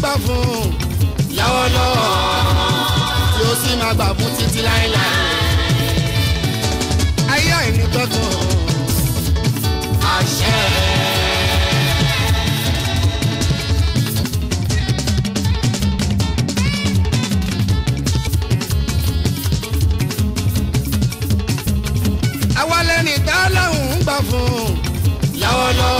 gbà fún lọ́wọ́lọ́wọ́ tí ó sì máa gbà fún títí láéláé. ayé àìní gbọ́dọ̀ àṣẹ. àwa lẹ́ni tá a lọ́hùn-ún gbà fún lọ́wọ́lọ́wọ́.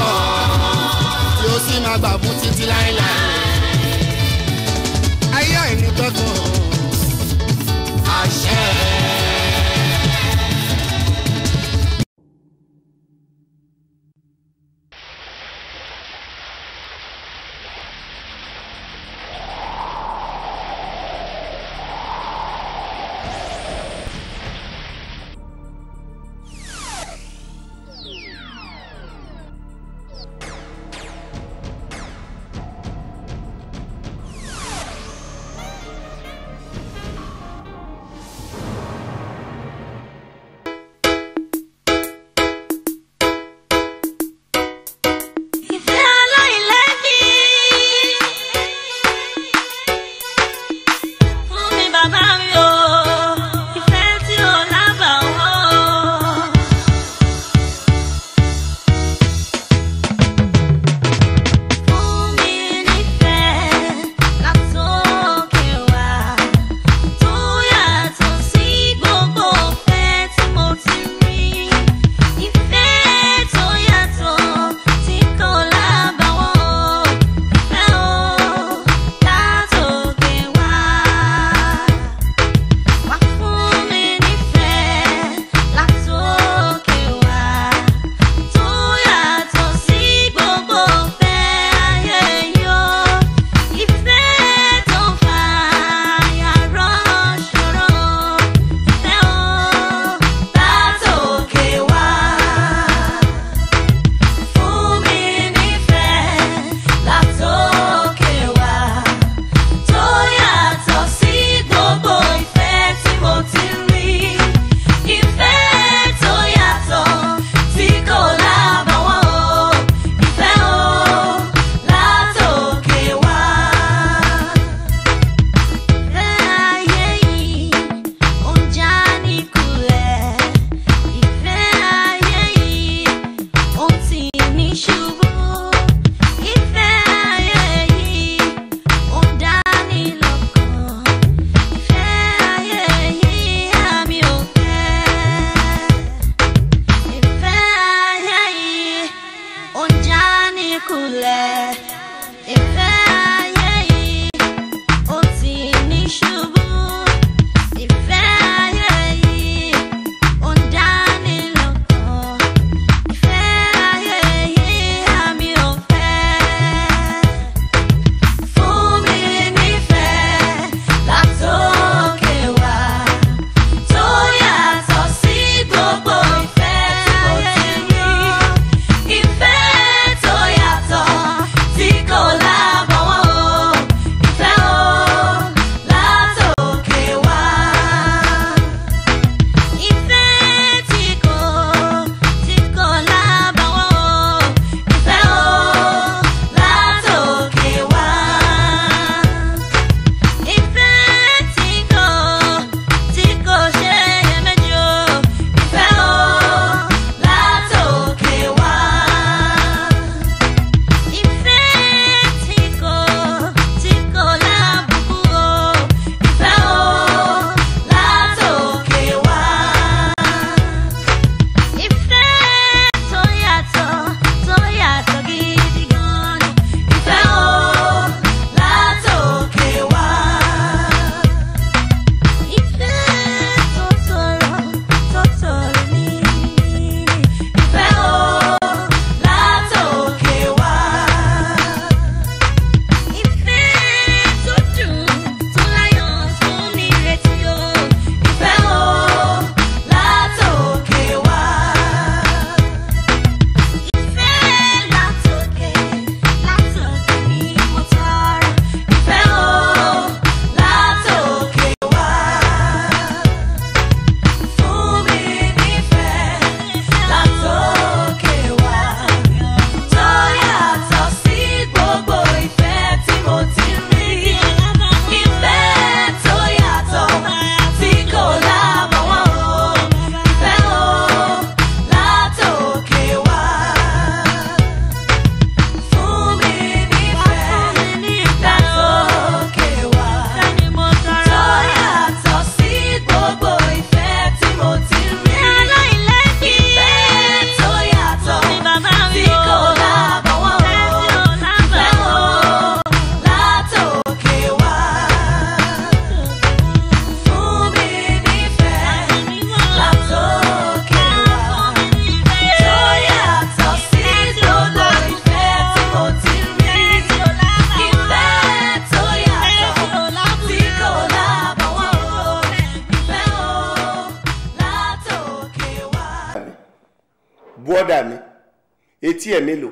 ẹ̀ mélòó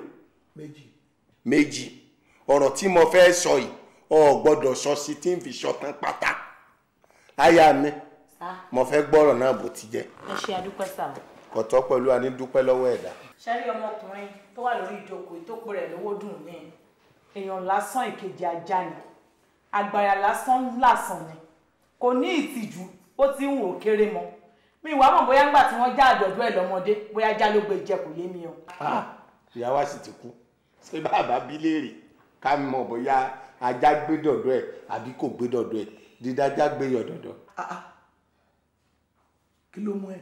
méjì méjì ọ̀rọ̀ tí mo fẹ́ sọ yìí ọ̀ gbọ́dọ̀ sọ sí tí n fi sọ tán pátá aya mi mo fẹ́ gbọ́rọ̀ náà bó ti jẹ́. ẹ ṣe àdúpẹ́ sá. kọ̀tọ́ pẹ̀lú anídúpẹ́ lọ́wọ́ ẹ̀dá. sẹ́rí ọmọkùnrin tó wà lórí ìjókòó ìtókò rẹ̀ lówó dùn ní èèyàn lásán ìkejì ajá ni àgbàrá lásán lásán ni kò ní ìtìjú ó ti ń wò kéré mọ́ mi ìwà mọ̀ bóyá ńgbà tí wọ́n já àjọ̀dún ẹ̀ lọ́mọdé bóyá já ló gbé kò yé mi o. Ah ìyá wa sì ti kú ṣé bàbá bí léèrè ká mọ̀ bóyá ajá gbé dọ̀dọ̀ ẹ̀ àbí kò gbé dọ̀dọ̀ ẹ̀ dídájá gbé yọ dọ̀dọ̀. Ah, ah. kí ló mú ẹ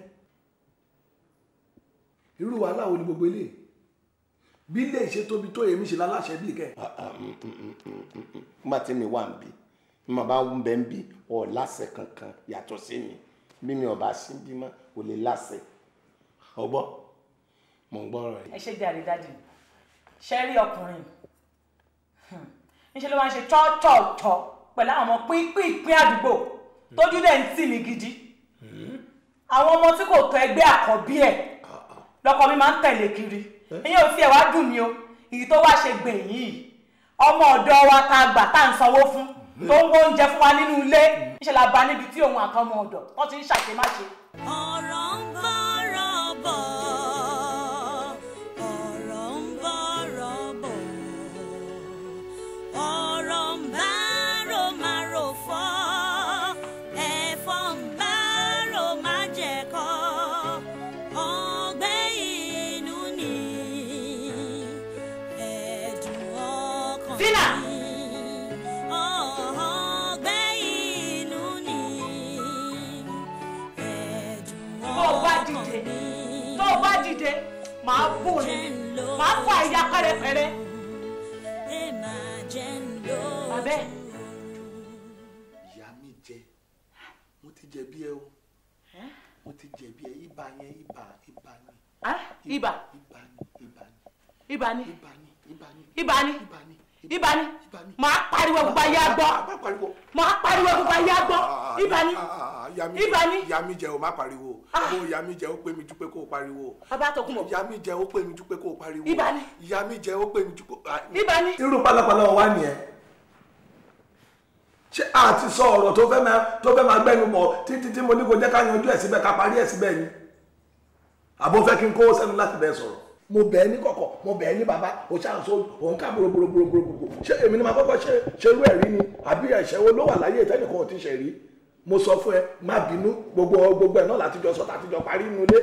irú wàhálà wo ni gbogbo eléyìí bí ilé ìṣe tóbi tó èmi ṣe láláṣẹ bí kẹ. Ah, mm, mm, mm, nígbà tí mi wà ń bí mo bá ń bẹ ń bí ọ láṣẹ kankan yàtọ̀ sí mi bí mi ò bá sí bí ò lè láṣẹ ọgbọ́n mò ń gbọ́rọ̀ yìí. ẹ ṣe jàre dájú ṣe rí ọkùnrin hmm. níṣẹ́ ló máa ń ṣe tọ́tọ̀ọ̀tọ̀ pẹ̀lú àwọn ọmọ pínpín àdúgbò tójú dẹ̀ ń tì mí gidi hmm. àwọn ọmọ tí kò tọ́ ẹgbẹ́ àkọ́bí ẹ̀ lọ́kọ mi máa ń tẹ̀lé kiri ẹ̀yin eh? ò tiẹ̀ wá dùn mí o èyí tó wá ṣe gbẹ̀yìn yìí ọmọ ọ̀dọ́ wa tá a gbà tá à ń sanwó fún hmm. tó ń wó oúnjẹ fún wa nínú ilé níṣẹ́ la bá níbi tí òun àtọmọ ọ̀dọ̀ wọ́n ti ń ṣàṣemáṣe. ọ̀rọ̀ ń gbọ́rọ̀ bọ̀. ya pẹ́rẹ́pẹ́rẹ́. Abẹ́. Ìyá mi jẹ, mo ti jẹ̀bi ẹ o, mo ti jẹ̀bi ẹ, ibà yẹn ibà ibà ni. Ibà. Ibà ibà ni. Ibà ni. Ibà ni ibà ni. Ibà ni. Ibani, ni màá pariwo gbogbo ayé agbọ́ màá pariwo gbogbo ayé agbọ́ ibà ni ibà ni. o má pariwo o ìyá mi o pé mi jú pé o pariwo. bàbá tó kún mọ. o pé mi jú pé o pariwo. ibà ni ìyá o pé mi jú pé. ibà ni. irú pálapàla wa nìyẹn ṣé a ti sọ ọ̀rọ̀ tó fẹ́ máa tó fẹ́ máa gbẹ́nu bọ̀ títí tí mo ní kò jẹ́ ká yanjú ẹ̀ síbẹ̀ ká parí ẹ̀ síbẹ̀ ni àbó fẹ́ kí n kó sẹ́nu láti bẹ́ẹ̀ sọ̀rọ̀ mo bẹ̀ ẹ́ ní kọ̀kọ̀ mo bẹ̀ ẹ́ ní bàbá o ṣàǹso òun ká gbogbogbogbogbò ṣé èmi ni màá kọ́kọ́ ṣe ṣerú ẹ̀rí ni àbí ẹ̀ṣẹ̀wó ló wà láyé tẹ́nìkan ò ti ṣe rí mo sọ fún ẹ má bínú gbogbo gbogbo ẹ̀ náà látijọ́ sọ tàtijọ́ parí inú ilé.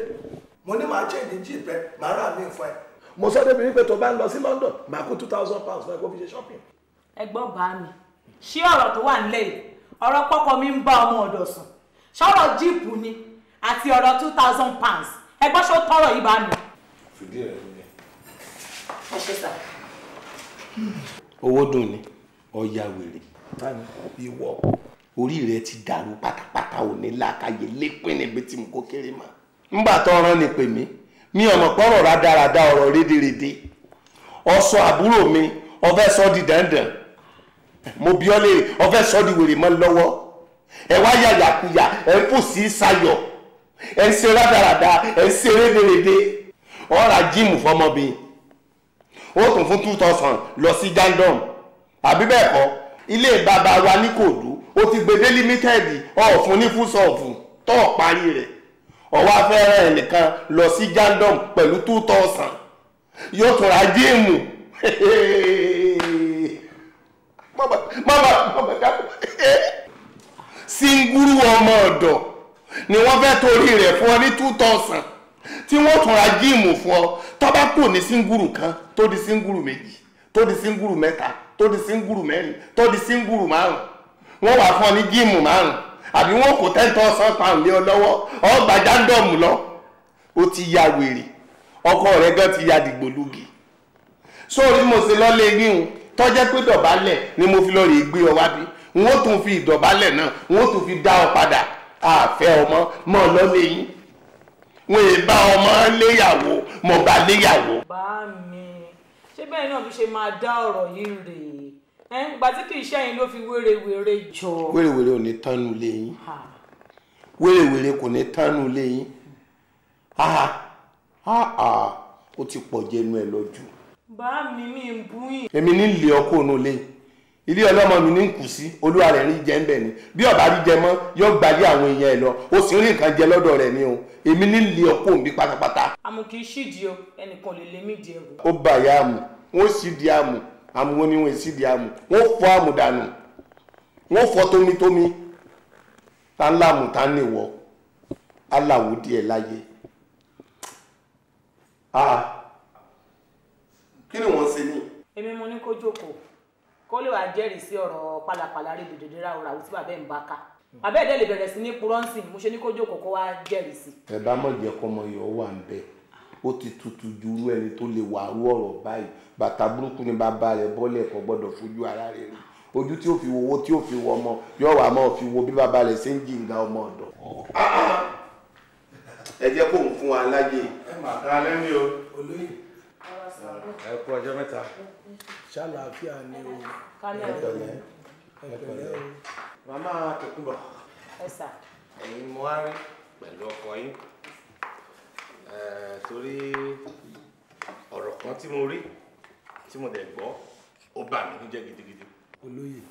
mo ní màá change jeep rẹ màá rà mí fún ẹ. mo sọ débi wípé tó bá ń lọ sí London màá kó two thousand pounds fún ẹ kó fi ṣe shopping. ẹ gbọ́ bá mi ṣé ọ̀rọ̀ tó wà nílẹ̀ yìí ọ̀rọ̀ pọ́kọ mi ń bá ọmọ ọ̀dọ̀ two thousand pounds ẹ gbọ́ ṣó tọrọ fìdí ẹ ṣe sà. owó dùn ni ọya wèrè orí rẹ ti dàrú pátápátá ò làákàyè lépin níbi tí mo kó kéré mà. ni pè mí mi ọ̀mọ̀ rádaràda ọ̀rọ̀ rédèrèdè àbúrò mi ọ̀fẹ́ sọ́ di dandan mo bí ọ léèrè ọ̀fẹ́ di wèrè mọ́ lọ́wọ́ ẹ wá yàyàkuyà ẹ ń pò sí ẹ ń ṣe rádaràda ẹ ń ó ra jíìmù fọmọbìnrin ó tún fún two thousand lọ sí dandom àbí bẹ́ẹ̀ kọ́ ilé bàbá wa ní kòdú ó ti gbèdé limited ọ̀fun ní fúsọ̀fù tó parí rẹ̀ ọ̀wá fẹ́rẹ̀ nìkan lọ sí dandom pẹ̀lú two thousand yóò tún ra jíìmù mama mama mama dákú singuru ọmọ ọ̀dọ̀ ni wọ́n fẹ́ torí rẹ̀ fún ọ ní two thousand tí wọ́n tún ra jíìmù fún ọ tó bá kúrò ní síngúrù kan tó di síngúrù méjì tó di síngúrù mẹ́ta tó di síngúrù mẹ́rin tó di síngúrù márùn wọ́n wà fún ọ ní jíìmù márùn àbí wọ́n kò ten thousand pound lé ọ lọ́wọ́ ọ gba jándọ̀mù lọ ó ti ya wèrè ọkọ rẹ gan ti ya dìgbòlugi sóòrí mo ṣe lọ́lé gbíhun tọ́jẹ́ pé dọ̀bálẹ̀ ni mo fi lọ rè gbé ọ wá n ó tún fi ìdọ̀bálẹ̀ náà n ó tún fi dá ọ padà àfẹ́ ọmọ mọ́ ọ lọ́lé yín wọn ì bá ọmọ léyàwó mo bá léyàwó. bá mi ṣé bẹ́ẹ̀ náà mi ṣe máa dá ọ̀rọ̀ yìí rèé ìgbà tí kì í ṣe yín ló fi wérewère jọ. wérewère ò ní tánú lé yín wérewère kò ní tánú lé yín ó ti pọ̀ jẹnu ẹ̀ lọ́jọ́. bá mi mi ń bú èmi ní ilé ọkọ̀ òun lé ilé ọlọ́mọ mi ní ń kù sí olúwa rẹ̀ rí jẹ ń bẹ̀ ni bí ọba rí jẹ mọ́ yóò gbalé àwọn èèyàn ẹ̀ lọ o sì ń rí nǹkan jẹ lọ́dọ̀ rẹ̀ ni o èmi ní lè ọkọ mi pátápátá. àmọ kì í ṣídìí o ẹnìkan lè lè mí di ẹrù. ó bà ya àmù wọn ó ṣídìí àmù àmù wọn ni wọn ò ṣídìí àmù wọn ó fọ àmù dànù wọn ó fọ tómitómi tá ń láàmù tá ń nìwọ aláwo díẹ̀ láyé. kí ni wọ́n ṣe ní. èmi mo ní kó jókòó kó lè wàá jẹ́rìí sí ọ̀rọ̀ pálapàla rí dòdòdó ra òrà òtí bàbá ẹ̀ ń bá ká bàbá ẹ̀ dẹ́ lè bẹ̀rẹ̀ sí ní purọ́ǹsìn mo ṣe ní kójú kọ̀ọ̀kan wá jẹ́rìí sí. ẹ bá mọ̀ jẹ́ kọ́mọ yọ̀ wà ń bẹ̀ ó ti tutù ju irú ẹni tó lè wà rú ọ̀rọ̀ báyìí bàtà burúkú ni bàbá rẹ̀ bọ́lẹ̀ kò gbọ́dọ̀ fojú ara rẹ̀ rí ojú tí ó fi wowó tí ó fi wọ ọmọ yóò wà máa fi wo bí bàbá rẹ̀ ṣe ń jìǹgà ọmọ ọ̀dọ̀. Ah, ah. ẹ ẹ kú ọjọ́ mẹ́ta. ṣàlàáfíà ni o. ẹ̀pẹ̀lẹ́ ẹ̀pẹ̀lẹ́ o. màmá tòkunbọ̀. ẹ sà. ẹ̀yin mo á rí pẹ̀lú ọkọ yín torí ọ̀rọ̀ kan tí mo rí tí mo dẹ̀ gbọ́ ó bà mí níjẹ́ gidigidi. olóyè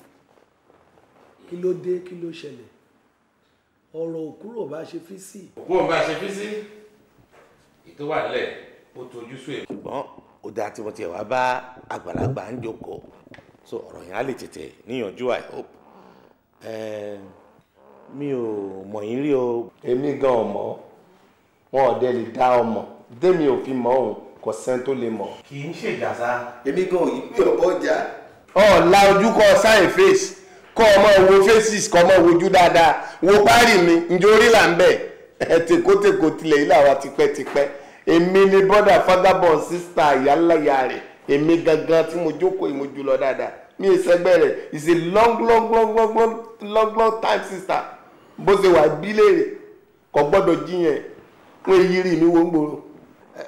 kí ló dé kí ló ṣẹlẹ̀ ọ̀rọ̀ òkúrò bá ṣe fi sí. òkúrò bá ṣe fi sí ètò nílẹ̀ ó tojú sú ṣùgbọ́n ó dáa tí wọ́n ti wá bá àgbàlagbà ń jókòó so ọ̀rọ̀ yẹn á lè tètè níyànjú i hope mi ò mọ̀ yín rí o. èmi gan ọmọ wọn ọdẹ lè dá ọmọ démi ò fi mọ òun kò sẹ́ni tó lè mọ̀. kì í ṣe ìjà sá. èmi gan òyìn bí ọ̀bọ jà. ọ̀la ojú kọ sáyìn face kọ ọmọ wo faces kọ ọmọ wojú dáadáa wo páàrì mi njẹ́ orí là ń bẹ̀ ẹ̀ tèkótèkó tilẹ̀ yìí ti pẹ́. èmi ni bọ́dà fatherborn sister ìyáláyà rẹ̀ èmi gangan tí mo jókòó yìí lọ dáadáa mi ì sẹ́gbẹ́ rẹ̀ it's a long long long long long long time sister bó ṣe wà bílẹ̀ rẹ̀ kò gbọ́dọ̀ jiyàn pé yiri mi wo ń gbòòrò.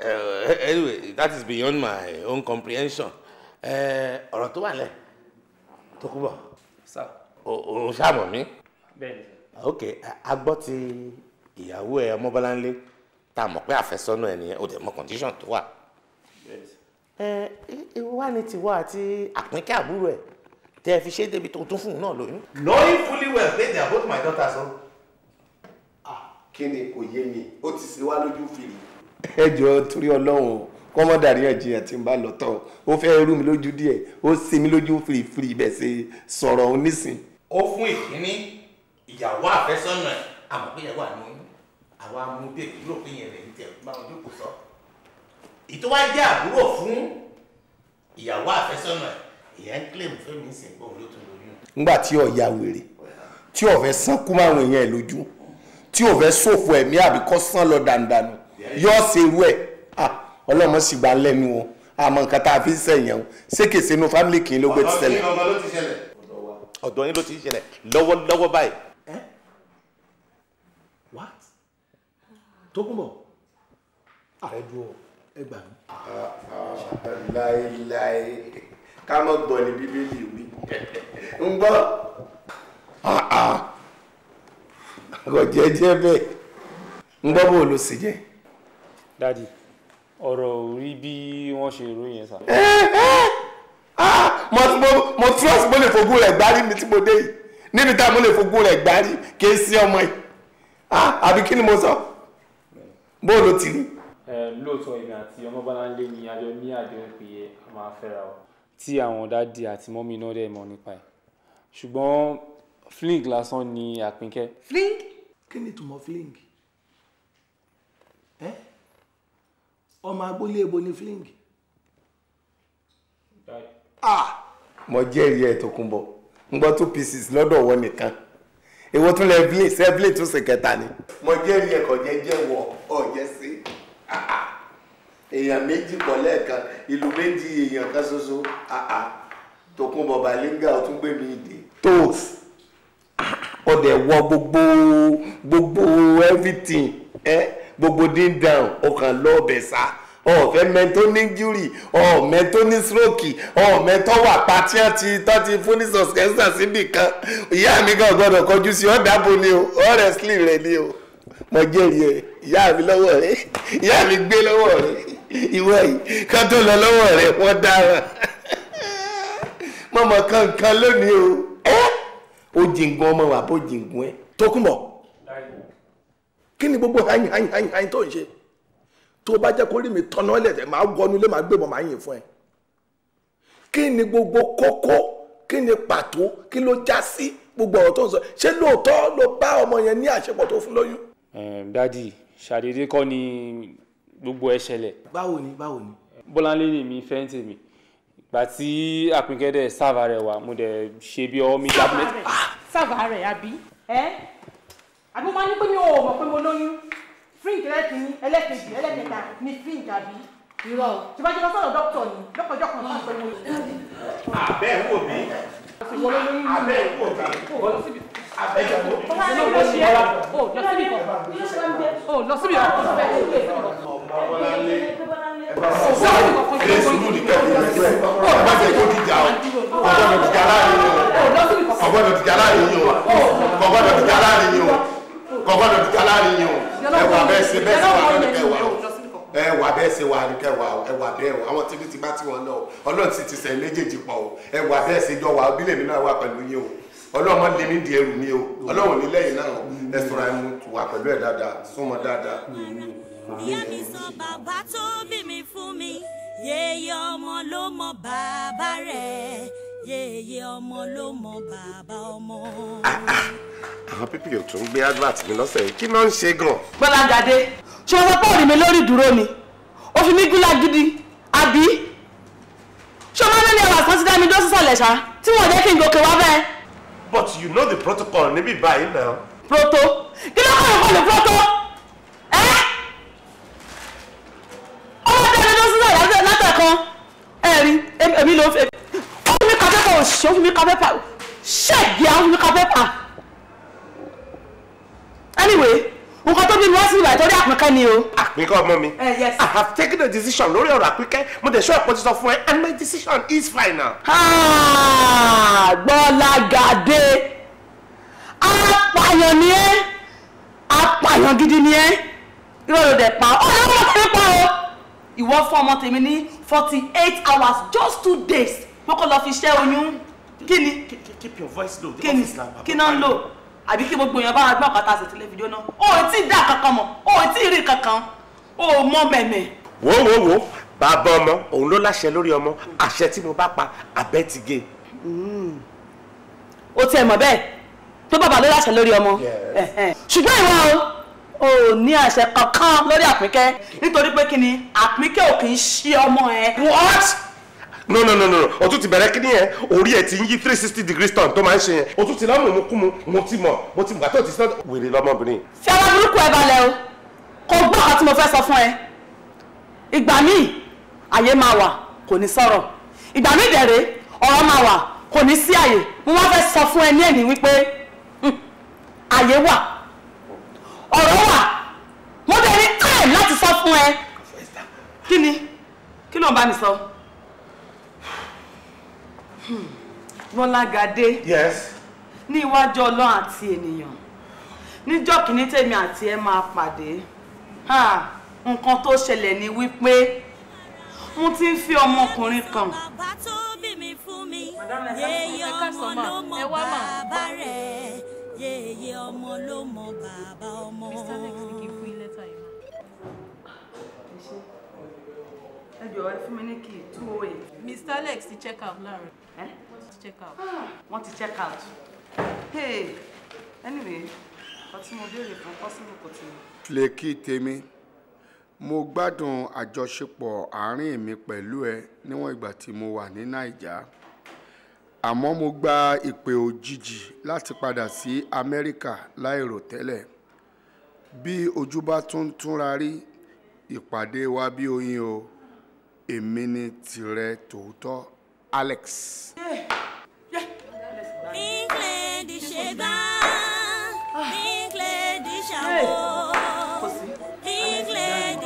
Eh, anyway that is beyond my own comprehension eh, ọ̀rọ̀ tó wà lẹ̀ tó kú bọ̀. sir. o ṣàmọ̀ mi. bẹ́ẹ̀ni. ok a gbọ́ ti ìyàwó ẹ ọmọbọ́láńlé tá a mọ̀ pé àfẹ́sọ́nà ẹni yẹn ó dẹ̀ mọ condition tó wà. ẹ wá ní tiwọ àti àpínkẹ́ àbúrò ẹ̀ tẹ́ ẹ fi ṣe débi tó tún fún un náà lóyún. knowing fully well pé they are both my daughters o. kí ni kò yé mi ó ti ṣe wá lójú fìlì. ẹ jọ torí Ọlọ́run o kọ́mọ́dàrí ọ̀jìyàn tí ń bá lọ tán ó fẹ́ rú mi lójú díẹ̀ ó ṣe mí lójú fìrìfìrì ibẹ̀ ṣe sọ̀rọ̀ onísìn. ó fún ìkíní ìyàwó àfẹ́sọ́nà ẹ̀ àmọ́ pé ìyàwó àníyàn àwa mú bí èkó ló yẹn rẹ̀ ní tiẹ̀ gbá wọn jókòó sọ. ìtọ́ wá jẹ́ àbúrò fún ìyàwó àfẹ́sọ́nà ìyẹn ń kílèmù fẹ́mi sìn gbọ́ ló tún lóyún. ńgbà tí ó wèrè tí ó fẹ́ sánkú máwọn èèyàn ẹ̀ lójú tí ó fẹ́ ṣòfò ẹ̀mí àbí kọ́ sán lọ dandan yóò ṣe irú ẹ̀ ah, ọlọ́mọ sì gbà lẹ́nu o àmọ́ nǹkan tá a fi ń sẹ̀yìn o sékèsè inú fámìlì kì í ló Tókunbọ̀ ààrẹ dúró ẹ gbà mí. láéláé ká mọ̀ gbọ́ ni bíbélì wí ń gbọ́. kò jẹ́jẹ́ bẹ́ẹ̀ ń gbọ́ bó ló sì jẹ́. dadi ọ̀rọ̀ ò rí bí wọ́n ṣe ròyìn sá. mo trust mo lè fojú rẹ̀ gbárí mi tí mo dé yìí níbi tá a mo lè fojú rẹ̀ gbárí kì í sí ọmọ yìí àbí kí ni mo sọ. So? bó ló ti rí. lóòótọ́ èmi àti ọmọ bọ́láńlé ni ajọ ní àdéhùn pé a máa fẹ́ra o. tí àwọn dáàdì àti mọ́mí náà dẹ̀ mọ̀ nípa ẹ̀ ṣùgbọ́n fling lásán ni àpínkẹ́. fling kí ni ìtumọ̀ fling ọmọ agbólé ebo ni fling. Ah! mo jẹ́rìí ẹ̀ tó kún bọ̀ ń gbọ́ two pieces lọ́dọ̀ wọ nìkan èwo tún lẹ blé ṣe blé tún ṣe kẹta ni. mo jẹ́rìí ẹ̀kọ́ jẹ́jẹ́ wọ ọ̀jẹ́ sí èèyàn méjì pọ̀ lẹ́ẹ̀kan ìlú méjì èèyàn kan ṣoṣo Tókunbọ̀ Bálíńgà ó tún gbé mi dé. toast ọdẹ wọ gbogbo gbogbo everything gbogbo dín down ọkàn lọ́ọ̀bẹ̀ sá ọ̀fẹ́ mẹ́tọ́ní júrì ọ̀mẹ́tọ́ní stroke ọ̀mẹ́tọ́wà pàtí àti tọ́tí fúnni sọ̀sẹ̀nsà síbì kan ìyá mi kan gbọ́dọ̀ kọjú sí ọ̀dà bo ni o ọ̀rẹ́sìlì rẹ̀ ni o mo jẹ́rìí ẹ̀ ìyá mi lọ́wọ́ rẹ̀ ìyá mi gbé lọ́wọ́ rẹ̀ ìwọ yìí ká tó lọ lọ́wọ́ rẹ̀ wọ́n dára mọ̀mọ́ kankan lónìí o ẹ́ o jìngún ọmọ wà bó jìngún ẹ Tókunbọ̀ kí ni gbogbo hàn hàn hàn tó ń ṣe tó bá jẹ́ kó rí mi tọ́nà ẹlẹ́dẹ̀ máa wọnú lé máa gbébọn máa yìn fún ẹ kí ni gbogbo kókó kí ni pàtó kí ló já sí gbogbo ọ̀rọ̀ tó ń sọ ṣé lóòótọ́ ló bá ọmọ yẹn ní àṣepọ̀ tó fún lóyún. dádì ṣàdédé kọ́ ni gbogbo ẹ ṣẹlẹ̀. báwo ni báwo ni. bọ́láńlé ni mi fẹ́ ń tèmi ìgbà tí àpínkẹ́dẹ̀ sáàvà rẹ̀ wà mo dẹ̀ ṣe bí ọwọ́ mi dábìlẹ̀. sáàvà rẹ̀ àbí ẹ́ àbí mo máa ní pé mi ò mọ̀ pé mo lóyún fíǹkì ẹlẹ́kìnrin ẹlẹ́kìnjì ẹlẹ́kẹta ni fíǹkì àbí irọ́ ṣùgbọ́n jẹ́ sọ̀rọ̀ dókítà ni lọ́kọ̀ọ́jọ́ kan máa ń pẹ́ wọlé. wò mí àbẹ́ wò mí àbẹ́ wò mí. o lọ síbi kan o lọ síbi kan. ọmọ bọ́lá lé ẹ̀ẹ́dẹ́sùnú ní kẹ́kẹ́ ọ̀gbọ́dọ̀ tó ti jà ọ́ ọ̀gbọ́dọ̀ ti jà láàrin yìí o ọ̀gbọ́dọ̀ ti jà láàrin yìí o ọ̀gbọ́dọ̀ ti jà láàrin yìí o ọ̀gbọ́dọ̀ ti jà láàrin yìí o ẹwà bẹ́ẹ̀ ṣe bẹ́ẹ̀ ṣe wà lọ́nà kẹwàá ẹwà bẹ́ẹ̀ ṣe wà ní kẹwàá ẹwà bẹ́ẹ̀ o àwọn tí ti bá tí wọn náà ọlọ́run sì ti sẹ́yìn méjèèjì pọ̀ o ẹwà bẹ́ẹ̀ ṣe jọ wà bílẹ̀ mi náà wà pẹ̀lú yín o ọlọ́run mọ́ lé mi di ẹrù mi o ọlọ́run ní lẹ́yìn náà ẹ sọ̀rọ̀ ẹ mú wà pẹ̀lú ẹ̀ dáadáa súnmọ́ dáadáa. ìyá mi sọ bàbá tó bí mi fún mi yeye ọmọ ló mọ bàbá rẹ̀ yeye ọmọ ló mọ bàbá ọmọ àwọn pípì ò tún gbé advert mi lọ́sẹ̀ yìí kí ló ń ṣe gan. Gbọ́lágadé ṣé o sọ pé mi lórí dúró ni o fi mí gúnlá gidi àbí ṣé o máa ń lé àwọn àpótí dání dó sísàlẹ̀ ṣá tí wọ́n jẹ́ kí n gòkè wá bẹ́ẹ̀. but you know the protocol níbí báyìí náà. proto kí ló kọ́ ìfọ̀lù proto ẹ́ ọmọ dání dó sísàlẹ̀ látẹ̀kan ẹ̀rí èmi ló ń fẹ́ ó fi mí ka pépà òṣìṣẹ́ ó fi mí ka pépà ṣẹ́ẹ̀gì á ó fi mí ka pépà anyway nǹkan tó bí mi wá sí ìwà ìtọ́jú àpínkẹ́ ni o. àpínkẹ́ ọmọ mi eh, I have taken a decision lórí ọ̀rọ̀ àpínkẹ́ mo dẹ̀ ṣọ́ ẹ̀pọ̀ ti sọ fún ẹ and my decision is final. gbọ́lágadé apààyàn ni ẹ́ apààyàn gidi ni ẹ́ irọ́ ló dẹ̀ pa ọ́ ọ̀rẹ́ ọmọ tèmi pa o. ìwọ fún ọmọ tèmi ní forty eight hours just two days pé kó lọ fi ṣẹ́ oyún kí ni. keep your voice low the office na baba. kí ni kí ni ó ń lò àbí kí gbogbo èèyàn bá wa gbọ́ ọ̀kọ́ta sí tilẹ̀ fídíò náà o ò tí ì dá kankan mọ̀ o ò tí ì rí kankan o ò mọ mẹ̀mẹ̀. wo wo wo bàbá ọmọ òun ló láṣẹ lórí ọmọ àṣẹ tí mo bá pa àbẹ́ ti gé. Hmm. o tiẹ̀ mọ̀ bẹ́ẹ̀ tó bàbá ló láṣẹ lórí ọmọ ṣùgbọ́n ìwọ o ò ní àṣẹ kankan lórí àpínkẹ́ nítorí pé kí ni àpínkẹ́ ò kì í ṣe ọmọ ẹ. what no no no no o tún ti bẹ̀rẹ̀ kí ni yẹn orí ẹ̀ ti ń yí three sixty degrees turn tó máa ń ṣe yẹn o tún ti lámù mú kú mu mo ti mọ̀ mo ti gbà tó ti sọ wèrè lọmọbìnrin. fi ara burúkú ẹ balẹ̀ o kò gbọ́ ọ̀kan tí mo fẹ́ sọ fún ẹ ìgbà míì àyè máa wà kò ní sọ̀rọ̀ ìgbà míì dẹ̀rẹ̀ ọ̀rọ̀ máa wà kò ní sí àyè mo wá fẹ́ sọ fún ẹ ní ẹ̀nì wípé àyè wà ọ̀rọ̀ wà mo dẹ̀ ní time láti sọ fún ẹ kí ni kí ló ń bá mi sọ. So? Bọ́lágadé. Yes. Ní iwájú Ọlọ́run àti ènìyàn. Níjọ́ kìíní tèmi àti ẹ máa pàdé. Nǹkan tó ṣẹlẹ̀ ni wípé mo ti ń fi ọmọkùnrin kan. Bàbá tó bí mi fún mi, yeye ọmọ ló mọ bàbá rẹ̀, yeye ọmọ ló mọ bàbá ọmọ. Ẹ jọ̀ọ́ ẹ fún mi ní kìí two oh Mr. Alex ti check out láàárọ̀. Eh? Wọ́n ti check out. Wọ́n ti check out. Hey, anyway, ọkọ tí mo béèrè fún pọ́sibú kò tí ì. Fleki tèmi, mo gbádùn àjọṣepọ̀ àárín mi pẹ̀lú ẹ níwọ̀n ìgbà tí mo wà ní Naija. Àmọ́ mo gba ìpè òjijì láti padà sí Amẹ́ríkà láìròtẹ́lẹ̀. Bí ojú bá tún túnra rí, ìpàdé wa bí oyin o èmi ni tìrẹ tòótọ́ Alex. England ṣe gbá England ṣàwọ̀ England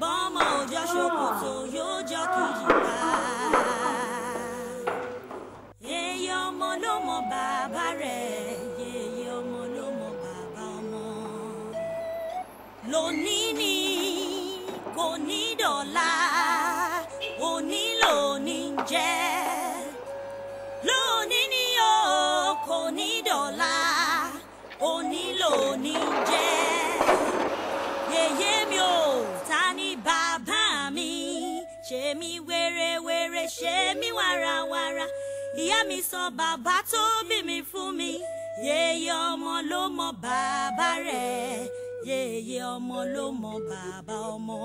bọ́mọ òjọ́ ṣòkòtò yóò jọ kìjì pa. èèyàn ọmọ ló mọ bàbá rẹ̀. lóní ni kò ní dọ̀la òní lóní jẹ́ lóní ni o kò ní dọ̀la òní lóní jẹ́ yèyé mi ò ta ni bàbá mi ṣe mi wérewére ṣe mi wàràwàrà ìyá mi sọ bàbá tó bí mi fún mi yèyé ọmọ ló mọ bàbá rẹ̀ yeye ọmọ ló mọ bàbá ọmọ.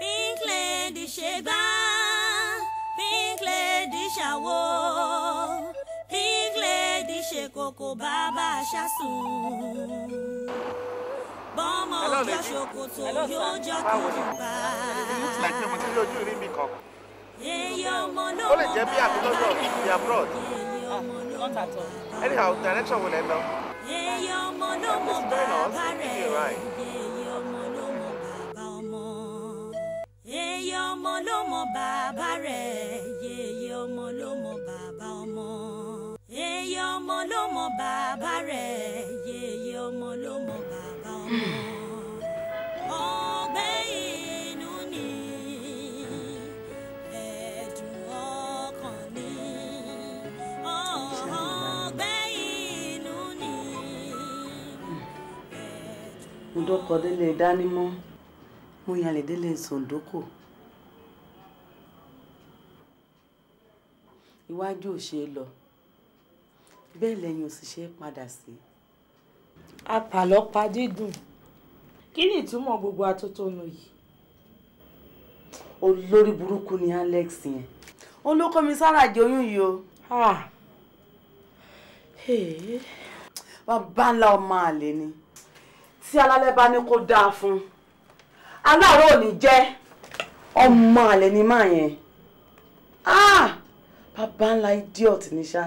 pink lady ṣe gbá pink lady ṣàwo pink lady ṣe kókó bàbá ṣàsùn. bọ́mọ ọjọ́ ṣòkòtò yóò jọ kúrú bá. yeye ọmọ ló mọ bàbá ọmọ. Ah, anyhow direction wo lẹ lọ. Hey, fair enough. You're right. Yeye ọmọ ló mọ bàbá rẹ̀, yeye ọmọ ló mọ sọ̀ǹdọ́kọ délé dánimọ́ mo yàlẹ̀ délé sọ̀ǹdọ́kọ. iwájú ò ṣe é lọ bẹ́ẹ̀ lẹ́yìn ò sì ṣe é padà sí. apàlọ́pàá dídùn kí ni ìtumọ̀ gbogbo atótónu yìí. olórí burúkú ni Alex yẹn olóko mi sára jẹ oyún yìí o. Ah. bàbá ńlá ọmọ àlè ni. Ah. Hey tí alálẹ̀ bá ní kó dáa fún aláàárọ̀ ò ní jẹ́ ọmọ àlẹ́ ni máa yẹn ah! bàbá ńlá idiot ní ṣá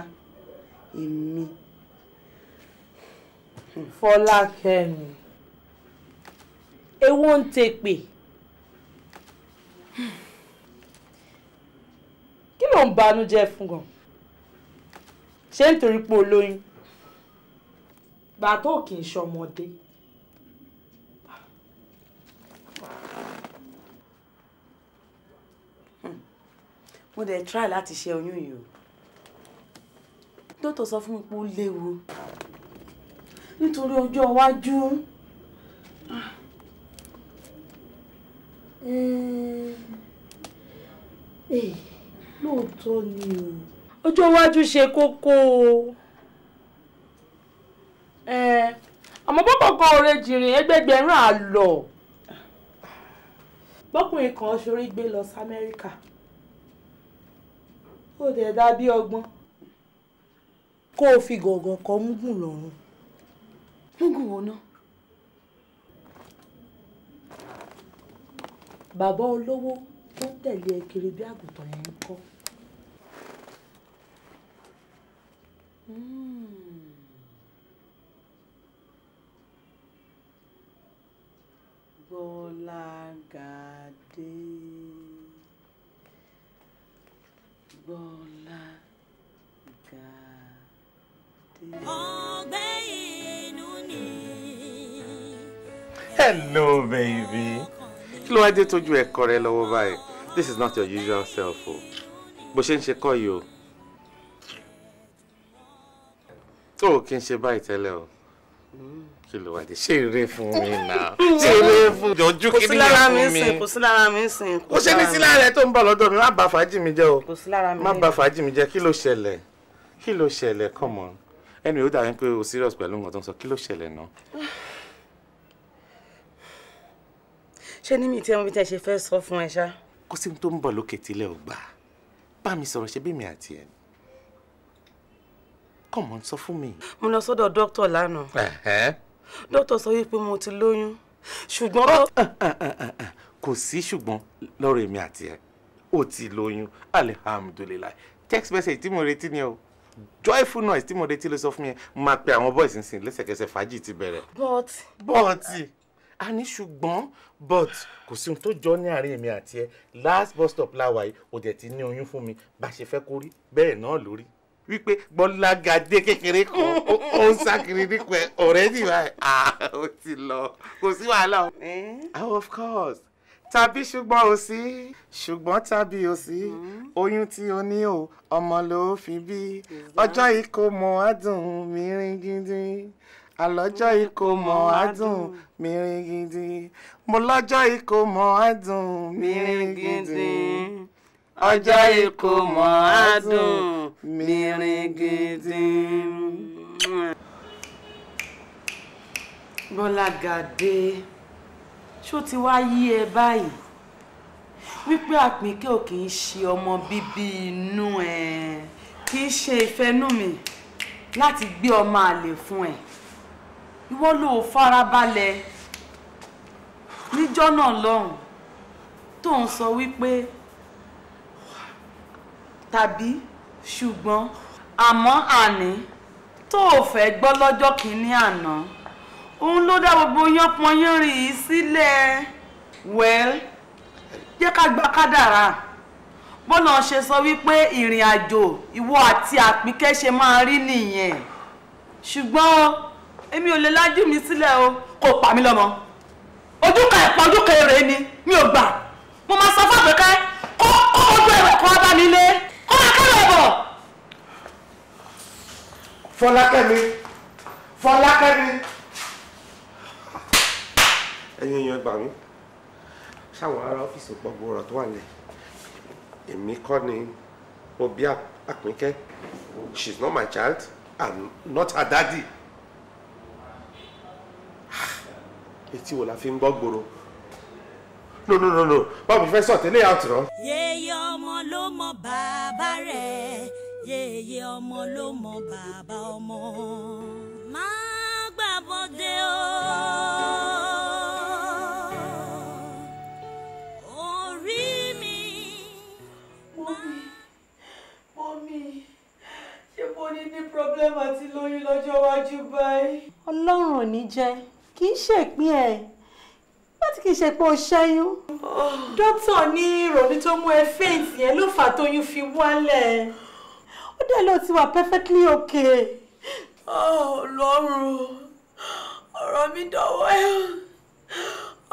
èmi. fọlákẹ́mi ewo ń tepè kí ló ń banújẹ́ fún gan ṣé nítorí pé olóyún gbà tó kì í ṣọmọdé. mo dẹ̀ try láti ṣe oyún yìí o dókítà sọ fún mi pé ó léwu nítorí ọjọ́ iwájú ah. eh. Eh, lóòótọ́ ni o ọjọ́ iwájú ṣe kókó o eh, àmọ́ bọ́kọ̀ọ̀kan ọ̀rẹ́ jìnrìn ẹgbẹ́gbẹ̀rún àlọ́ bọ́kùnrin kan ṣorí gbé lọ sí amẹ́ríkà ó dẹ̀ dá bí ọgbọ́n kó o fi gọ̀gọ̀ kọ múgùn lọ́rùn. múgùn wo ná. bàbá olówó tó tẹ̀lé ẹ kiri bí àgùntàn yẹn ń kọ́. Gbọ́lágadé. Hmm. Mm. gbọ́lá ga hello baby kí ló wá dé tójú ẹ̀kọ́ rẹ lọ́wọ́ báyìí this is not your usual self o bó ṣe ń ṣe kọ́ yìí o tó o kí n ṣe báyìí tẹ́lẹ̀ o kí ló wà dé ṣé eré fún mi náà ṣé eré fún jọjú kí ni yà fún mi kò sí lára mi sìn kò sí lára mi sìn. kò sí ní sí lára tó ń bọ̀ lọ́dọ̀ mi má bà fàájì mi jẹ́ o kò sí lára mi má bà fàájì mi jẹ́ kí ló ṣẹlẹ̀ kí ló ṣẹlẹ̀ come on ẹnu yóò dàbí pé o serious pẹ̀lú nǹkan tó ń sọ kí ló ṣẹlẹ̀ náà. ṣé ní mi tí ẹmu bí tẹ ṣe fẹ́ sọ fún ẹ ṣá. kó sí tó ń bọ̀ lókè tilẹ̀ ò gbà bá mi sọ̀rọ̀ ṣe bí mi àti ẹ̀ ni kàn mọ́ sọ fún mi. mo lọ sọ́dọ̀ dókítà lánàá. dókítà sọ wípé mo ti lóyún ṣùgbọ́n. Ah, ah, ah, kò sí ṣùgbọ́n lọ́rọ̀ èmi àti ẹ̀ ó ti lóyún alihamudulilayi text message tí mo retí ni o joyful noise tí mo retí ló sọ fún mi máa pe àwọn boys nsìn lẹ́sẹ̀kẹsẹ̀ fàájì ti bẹ̀rẹ̀. but but Ani ní ṣùgbọ́n but kò sí ohun tó jọ ní àárín èmi àti ẹ last bus stop láwa yìí ó ti ní oyún fún mi bá a ṣe fẹ́ kó rí bẹ́ẹ̀ náà wípé gbọ́lágadé kékeré kan ó ń sákiri nípa ọ̀rẹ́ nìyà ó ti lọ kò sí wàhálà o. Oh, of course tàbí ṣùgbọ́n o sí ṣùgbọ́n tàbí o sí mm-hmm. oyún tí o ní o ọmọ ló fi bí ọjọ́ ìkómọ adùn mi rìn gidi àlọ́jọ́ ìkómọ adùn mi rìn gidi mo lọ́jọ́ ìkómọ adùn mi rìn gidi ọjọ́ ìkómọ adùn mìrìngìdì. Bọ́lágadé ṣó ti wá yí ẹ báyìí wípé àpínkẹ́ ò kì í ṣe ọmọ bíbí inú ẹ kì í ṣe ìfẹ́nú mi láti gbé ọmọ àlè fún ẹ ìwọ ló farabalẹ̀ níjọ́ náà lọ́hùn tó ń sọ wípé tàbí ṣùgbọ́n àmọ́ àní tó o fẹ́ gbọ́ lọ́jọ́ kìíní àná òun ló dá gbogbo yánpọn yánrin yìí sílẹ̀ wẹ́l jẹ́ ká gba kádàrá bọ́nà ṣe sọ wípé ìrìn àjò ìwọ àti àpíkẹ́ ṣe máa rí nìyẹn ṣùgbọ́n èmi ò lè lájú mi sílẹ̀ o kò pa mí lọ́mọ ojúkà ẹ̀pọ̀ ojúkà èrè ni mi ò gbà mo máa sọ fún àpíkẹ́ kó kó ojú ẹ̀rọ kan bá nílé. fọlákẹ́mi fọlákẹ́mi ẹ̀yin èèyàn gbà mí sáwọn ará ọ́fíìsì gbogbo ọ̀rọ̀ tó wà nílẹ̀ èmi kọ́ ni mo bí àpínkẹ́ she is not my child and not her daddy ah, etí wo la fi ń gbọ́ gbòòrò no no no no báwo fẹ́ sọ tẹ́lẹ̀ àtúrọ̀. yéèyàn ọmọ ló mọ bàbá rẹ̀ yeye ọmọ ló mọ bàbá ọmọ má gbàbọdé o. orí mi. mọ́mí mọ́mí ṣé mo ní ní problem àti lóyún lọ́jọ́ iwájú báyìí. ọlọ́run ò ní jẹ́ kì í ṣèpín ẹ̀ láti kìí ṣe pé o ṣẹ́yún. Oh. dókítà ní ìròyìn tó mú ẹ fẹ́ǹtì yẹn ló fà á tóyún fi wálẹ̀ ó dẹ̀ lọ ti wà perfectly okay. Ah, ọlọ́run ọ̀rọ̀ mi dọ̀wọ́ ẹ̀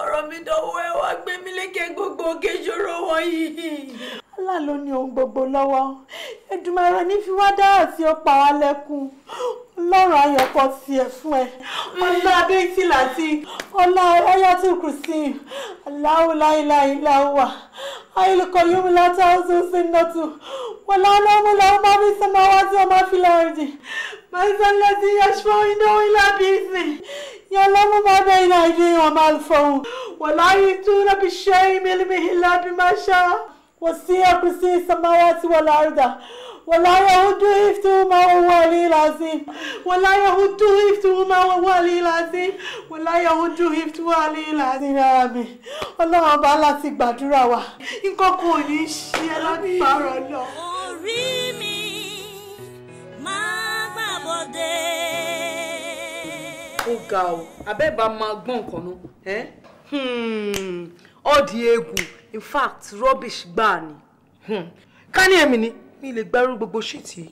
ọ̀rọ̀ mi dọ̀wọ́ ẹ̀ wá gbé mi lékè gbogbo òkè ìṣòro wọ̀nyí. Allah ló ní ohun gbogbo lọ́wọ́ Èdùmàrè ní fi wá dáhà sí ọ̀pá wa lẹ́kùn lọ́rọ̀ ayọ̀ pọ̀ tiẹ̀ fún ẹ ọlá adétìlá àti ọlá ayatul kùsì aláwòláìláìláwà ayélujọ yóò látà ọsùn sí nọtù wọn lọ́wọ́ mú lọ́wọ́ má fi sọmọ wá tí wọn má fi lọ́rọ̀ jì má sọ lọ sí yẹsùn iná ìlà bíìsì yẹn lọ́mú má bẹ iná ìdí wọn má fọhùn wọn láyé tún lọ́bi ṣe ìmìlímì ìlà bí má ṣá wọ́n sí ẹkùn sí sọmọ tí wọn lọ́rọ̀ dà. والله يهده يفتوه ما والله العظيم والله يهده يفتوه ما والله العظيم والله يهده يفتوه العظيم آمين ọlọ́run ọba láti gbàdúrà wa nǹkan kan ò ní ṣe lágbára náà. orí mi máa gbàbọ̀dé. ó ga ọ abẹ́bà máa hmm. in fact rubbish gbáà Hmm. ká ní mi lè gbárù gbogbo ṣíìtì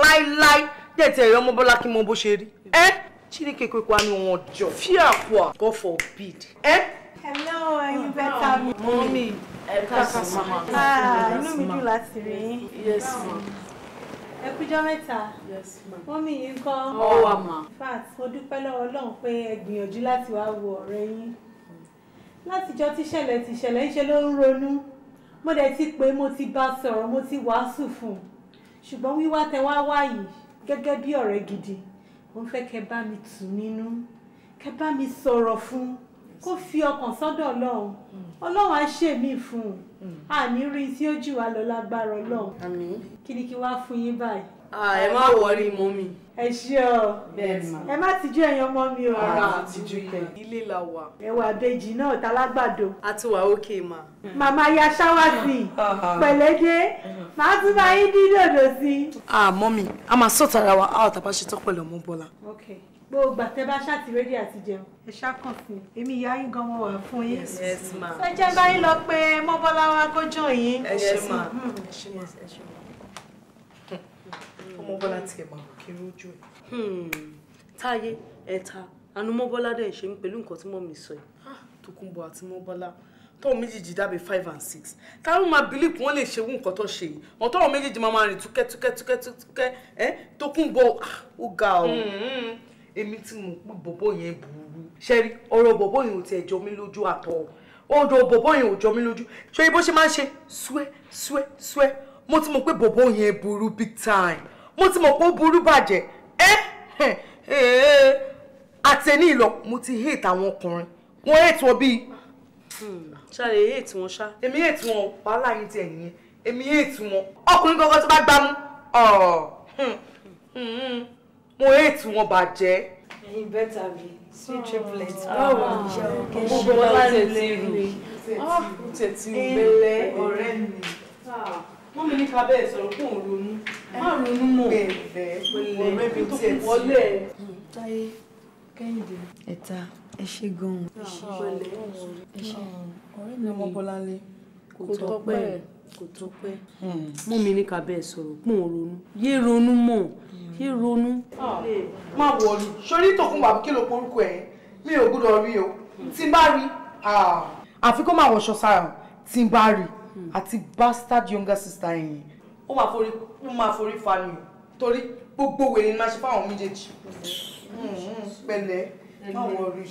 láíláí díẹ̀ tí ẹ̀yọ́ mọ́ bọ́lá kí mọ bó ṣe rí ẹ́ chineke kwekwa ni wọn jọ fear kwa god forbid ẹ́. hello ẹyin bẹta mi. mọ́mí ẹ káàsì mama. Ah, inú mi dùn láti rí yín. yes ma. ẹ kújọ́ yes ma. mọ́mí yín kọ́. ọ wà ma. fat mo dúpẹ́ lọ́wọ́ ọlọ́run pé ẹ gbìyànjú láti wá wo ọ̀rẹ́ yín látijọ́ tíṣẹ̀lẹ̀ tíṣẹ̀lẹ̀ ń ṣe ló ń ronú mo dẹ̀ ti pé mo ti bá sọ̀rọ̀ mo ti wàásù fún un ṣùgbọ́n wíwá tẹ wá wá yìí gẹ́gẹ́ bí ọ̀rẹ́ gidi mo fẹ́ kẹ bá mi tù nínú kẹ bá mi sọ̀rọ̀ fún un kó fi ọkàn sọ́dọ̀ ọlọ́run ọlọ́run á ṣe mí fún un àní rí tí ó jù wá lọ lágbára ọlọ́run kí ni kí wá fún yín báyìí. Ah, ẹ má wọrí mọ́ mi. ẹ ṣé ọ ẹ má tijú ẹ̀yin ọmọ mi o. ara tijú tẹ. ilé la wà. ẹwà bèjì náà talágbàdo. a ti wà òkè mà. Mm. màmá ya ṣáwá sí i ah, ah. pẹ̀lẹ́dẹ́ màá tún máa yín dín dòdò sí i. ah a máa sọ tara wa a ò tàbá ṣe tán pẹ̀lú ọmọ bọ́lá. gbogbo àtẹ bá ṣáàtì rédíò àti jẹun ẹ ṣàkàn sí i èmi ìyá yín gan mo wà fún yín. ẹ jẹ́ báyìí lọ pé mọ́bọ́lá wa kó jọ yín. ẹ ṣe máa mm. ẹ ṣe máa ọmọ bọ́lá tiẹ̀ máa wò kí rójú ẹ̀. Hmm, táyé ẹ̀ta anumọ́bọ́lá dẹ̀ ṣe ń pẹ̀lú nǹkan tí mọ́mì sọ yìí. Ah, Tókunbọ̀ àti mọ́bọ́lá tọ́wọ́ méjèèjì dábẹ́ five and six ta ló máa believe wọ́n lè ṣe wú nǹkan tó ṣe yìí wọ́n tọ́wọ́ méjèèjì máa máa rìn túkẹ́ túkẹ́ túkẹ́ túkẹ́ ẹ́ Tókunbọ̀ ah, ó ga ọ́ hmm, hmm. èmi tí mo pé bọ̀bọ̀ yẹn burú ṣẹ́rí ọ̀rọ̀ bọ̀bọ̀ yẹn ò tiẹ̀ jọ mí lójú àtọ̀ ọ̀dọ̀ bọ̀bọ̀ yẹn ò jọ mí lójú ṣé bó ṣe máa ń ṣe swẹ́ swẹ́ swẹ́ mo ti mọ̀ pé bọ̀bọ̀ yẹn burú big time mo ti mọ̀ pé ó burú bàjẹ́ ẹ́ àtẹ̀ní ìlọ mo ti hate àwọn ọkùnrin wọ́n hate wọn bíi. Hmm, ṣáàlẹ̀ hate wọn ṣá. èmi hate wọn wàhálà yín ti ẹ̀yìn yẹn èmi hate wọn ọkùnrin kankan tó bá gbá mú mo hate wọn bàjẹ́. ẹyin bẹ́tà mi sweet ah. triplet ah. báwo ni ìṣe òkè ṣe wọ́n láti lè rí i tètè ń bẹ̀rẹ̀ ọ̀rẹ́ mi. Ah wọ́n mi ní ká bẹ́ẹ̀ sọ̀rọ̀ pé òun ronú má ronú mọ̀ pẹ̀lẹ́ wọlé táyé kẹ́hìndé ẹ̀ta ẹ ṣe gan-an ẹ ṣe gan-an ọ̀rẹ́ mi ọmọ bọ́láńlé kò tọ́pẹ́ kò tọ́pẹ́ mú mi ní ká bẹ́ẹ̀ sọ̀rọ̀ pé òun ronú yé ronú mọ̀ yé ronú. Ah, má wọlé sórí tòkun bàbá kí ló porúkọ ẹ mi ò gbọ́dọ̀ rí o tí n bá rí ah. àfi kó má wọṣọ sára tí n bá rí àti bastard younger sister yẹn ó máa forí ó máa forí fa mi torí gbogbo wèrè ni máa ṣe fáwọn méjèèjì mm-hmm, pẹ̀lẹ́ báwọn rí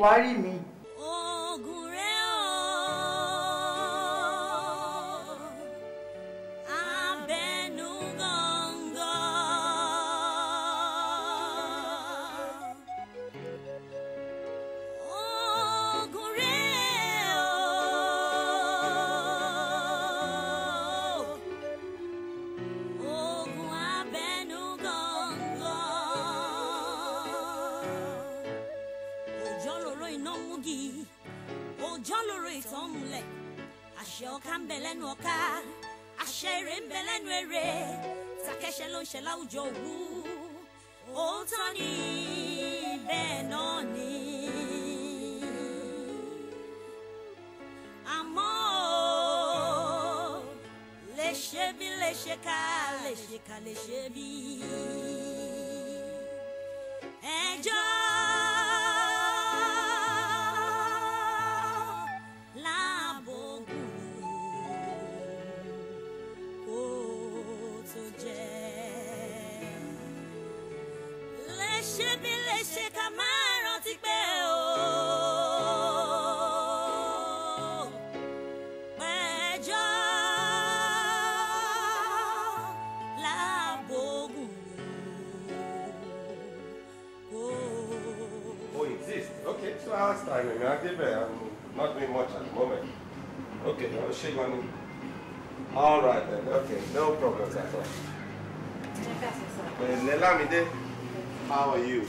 wàá rí mi. ogun i bẹ́ẹ̀ náà lè bí lè ká lè ká lè bí. Olamide, how are you?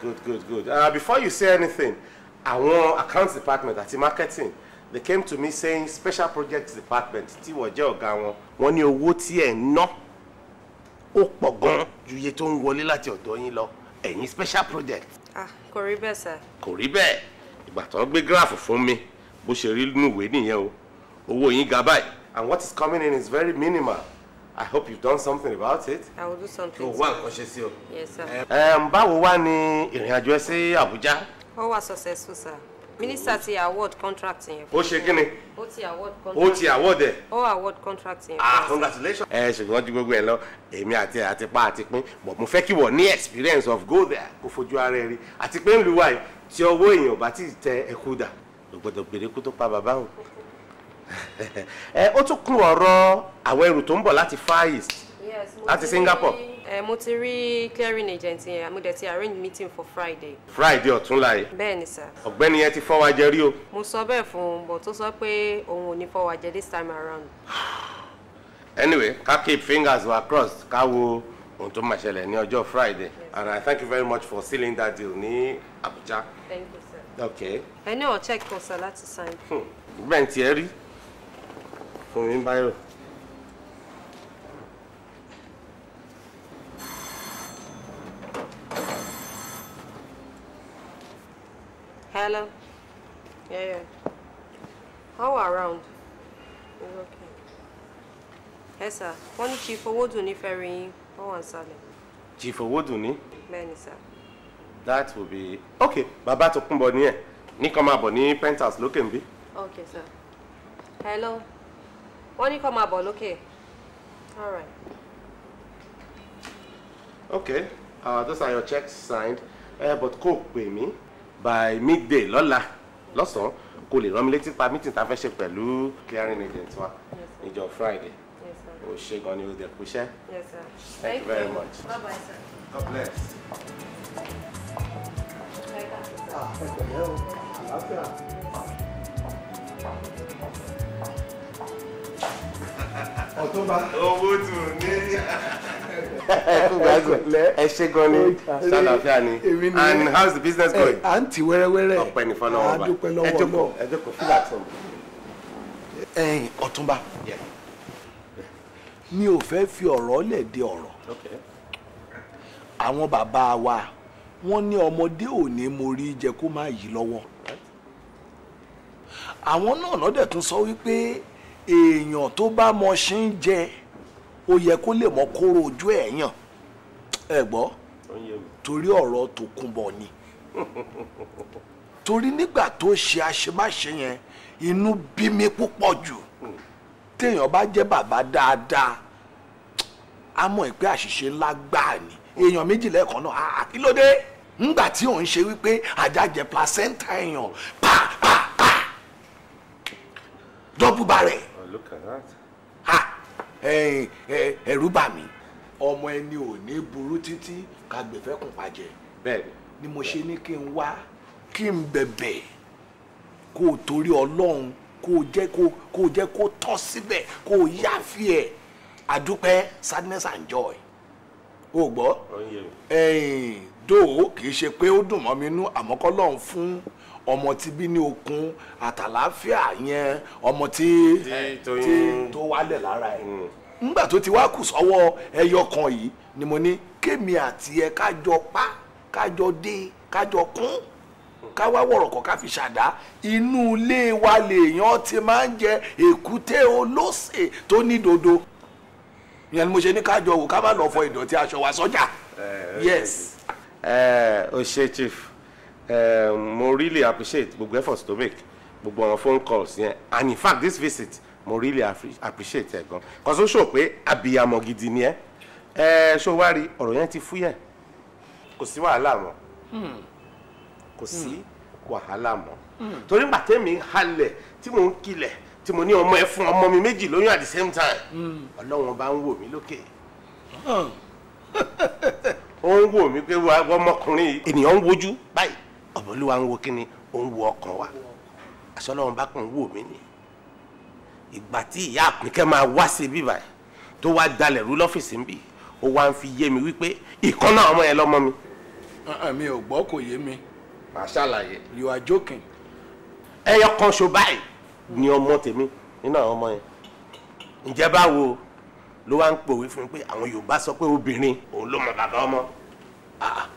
Good, good, good. Uh, before you say anything, I want accounts department àti marketing they came to me saying special projects department tí wọ́n jẹ́ ọ̀gá wọn wọ́n ní owó tí ẹ̀ ń ná ó pọ̀ gan-an ju iye tó ń wọlé láti ọ̀dọ̀ yín special project. ah Koribe sir. Koribe, rí bẹ́ẹ̀ ìgbà tó ń gbé gíráàfù fún mi bó ṣe rí nùwé nìyẹn o owó and what is coming in is very minimal I hope you've done something about it. I will do something. Kò wá nǹkan ṣe sí Yes sir. Eh, um, báwo wá ni ìrìn àjò ẹ sí Àbújá? successful sir. Minister ti award contracting. yẹn. Ó ṣe kí ni? Ó award contracting. Ó ti award ẹ̀. Ó award contract yẹn. Ah congratulations. Ẹ eh, ṣùgbọ́n ju gbogbo ẹ lọ, èmi àti ẹ̀ àti pa àti but mufeki fẹ́ kí experience of go there kó fojú ara ẹ rí. Àti pé ń lu wa yìí, tí ọwọ́ èèyàn bá ti tẹ ẹ̀kú dà, gbogbo gbèrè kú ẹ ó tún kun ọ̀rọ̀ àwọn ẹrù tó ń bọ̀ láti far east láti Singapore. ẹ mo ti rí clearing agent yẹn àmúdẹ ti arrange meeting for Friday. Friday ọ̀túnla yìí. bẹ́ẹ̀ni sà. ọ̀gbẹ́ni yẹn ti fọwájẹ rí o. mo sọ bẹ́ẹ̀ fún un but ó sọ pé òun ò ní fọwájẹ this time around. anyway ká keep fingers wa crossed ká wo ohun tó máa ṣẹlẹ̀ ní ọjọ́ Friday yes. and I thank you very much for sealing that deal ní Abuja. thank you sir. okay. ẹ ní ọ̀ check kọ̀ọ̀sà láti sign. Hmm. bẹ́ẹ̀ ni rí fún Hello. Yeah, yeah. How around? It's okay. Yes, sir. One ní Chief Owodunni fẹ́ rí yín. Wọ́n wà nísàlẹ̀. Chief Owodunni? Bẹ́ẹ̀ni, sir. That will be... Okay, bàbá tó kún bọ̀ ní ẹ̀. Ní kan máa penthouse lókè ń Okay, sir. Hello wọ́n ní kó máa bọ̀ lókè. All right. Okay, uh, those are your checks signed. Uh, but kò pè mí by midday lọ́la lọ́sàn-án kò lè rán mi létí pa meeting tá fẹ́ ṣe pẹ̀lú clearing agent wa níjọ́ Friday. Yes, sir. O ṣe gan ni o dẹ̀ kú iṣẹ́. Yes, sir. Thank, you very you. much. Bye bye, sir. God bless. Ah, thank you. ọ̀túnba. owó tù ní. ẹ ṣe gan ni ṣàlàfíà ni and how's the business going. à ń tì wẹ́rẹ́wẹ́rẹ́ ọ̀pẹ nìfọ́nà wọn bá ẹ jókòó ẹ jókòó fílà tó. ẹyin ọ̀túnba mi ò fẹ́ fi ọ̀rọ̀ lẹ̀ de ọ̀rọ̀ àwọn bàbá wa wọ́n ní ọmọdé ò ní mo rí jẹ kó má yí lọ́wọ́ àwọn náà lọ́dẹ̀ tún sọ wípé èèyàn tó bá mọ ṣe ń jẹ ó yẹ kó lè mọ kóró ojú ẹ̀ yàn ẹ gbọ́ torí ọ̀rọ̀ Tòkunbọ̀ ni torí nígbà tó ṣe àṣemáṣe yẹn inú bí mi púpọ̀ jù téèyàn bá jẹ́ bàbá dáadáa a mọ̀ pé àṣìṣe ńlá gbáà ni èèyàn méjì lẹ́ẹ̀kan náà àkílódé ah, ńgbà tí òun ṣe wípé àjàjẹ placenta èèyàn pa pa pa dọ́bù bá rẹ̀ look at that. ha ẹ̀rù bà mí ọmọ ẹni ò ní burú títí kàgbẹ̀fẹ́kùn pàjẹ́ bẹ́ẹ̀ni ni mo ṣe ní kí n wá kí n bẹ̀bẹ̀ kó o torí ọlọ́run kó o jẹ́ kó o jẹ́ kó o síbẹ̀ kó o yáfi ẹ̀ àdúpẹ́ sadness and joy o gbọ́ ẹ̀yìn dòó kì í ṣe pé ó dùn mọ́ mi nú àmọ́kọ́ lọ́hún fún ọmọ tí bí ní okun àtàláfíà yẹn ọmọ tí tí tó wálẹ̀ lára ẹ̀ mm. nígbà tó ti wá kù sọ́wọ́ ẹyọ kan yìí ni mo ní kémi àti ẹ kájọ pa kájọ dé kájọ kún ká wá wọ̀rọ̀kọ̀ ká fi ṣàdá inú ilé wa lèèyàn ti máa ń jẹ èkúté olóṣè tó ní dodo ìyẹn ni mo ṣe ní kájọ wò ká má lọ fọ ìdọ̀tí aṣọ wa sọ́jà eh, yes. ẹ eh, ẹ o ṣe chief Ehm, mo really appreciate gbogbo efforts to make gbogbo àwọn phone calls yẹn and in fact this visit mo really appreciate ẹ gan kan so sọ pé abiyamọ gidi ni ẹ ẹ ṣó wá rí ọ̀rọ̀ yẹn ti fúyẹ́ kò sí wàhálà mọ́ hmm. kò sí hmm. wàhálà mọ́ hmm. torí gbà tẹ́mi ń halẹ̀ tí mò ń kilẹ̀ tí mo ní ọmọ ẹ fún ọmọ mi méjì lóyún at the same time ọlọ́run bá ń wò mí lókè ó ń wò mí pé ọmọkùnrin ènìyàn ń wojú báyìí olúwa ń wo kíni ó ń wo ọkàn wa àṣọlọ́run bá kàn ń wò mí ni ìgbà tí ìyá àpínkẹ́ máa wá sí bíbá ẹ̀ tó wá dalẹ̀ rú lọ́fíìsì ń bì ó wá ń fi yé mi wípé ìkan náà ọmọ yẹn lọ́mọ mi. mi ò gbọ́ kò yé mi. màá ṣàlàyé. you are joking. ẹyọ kan ṣo báyìí ni ọmọ tèmi nínú àwọn ọmọ yẹn ǹjẹ́ báwo ló wá ń pòwe fún mi pé àwọn Yorùbá sọ pé obìnrin òun ló mọ bàbá ọmọ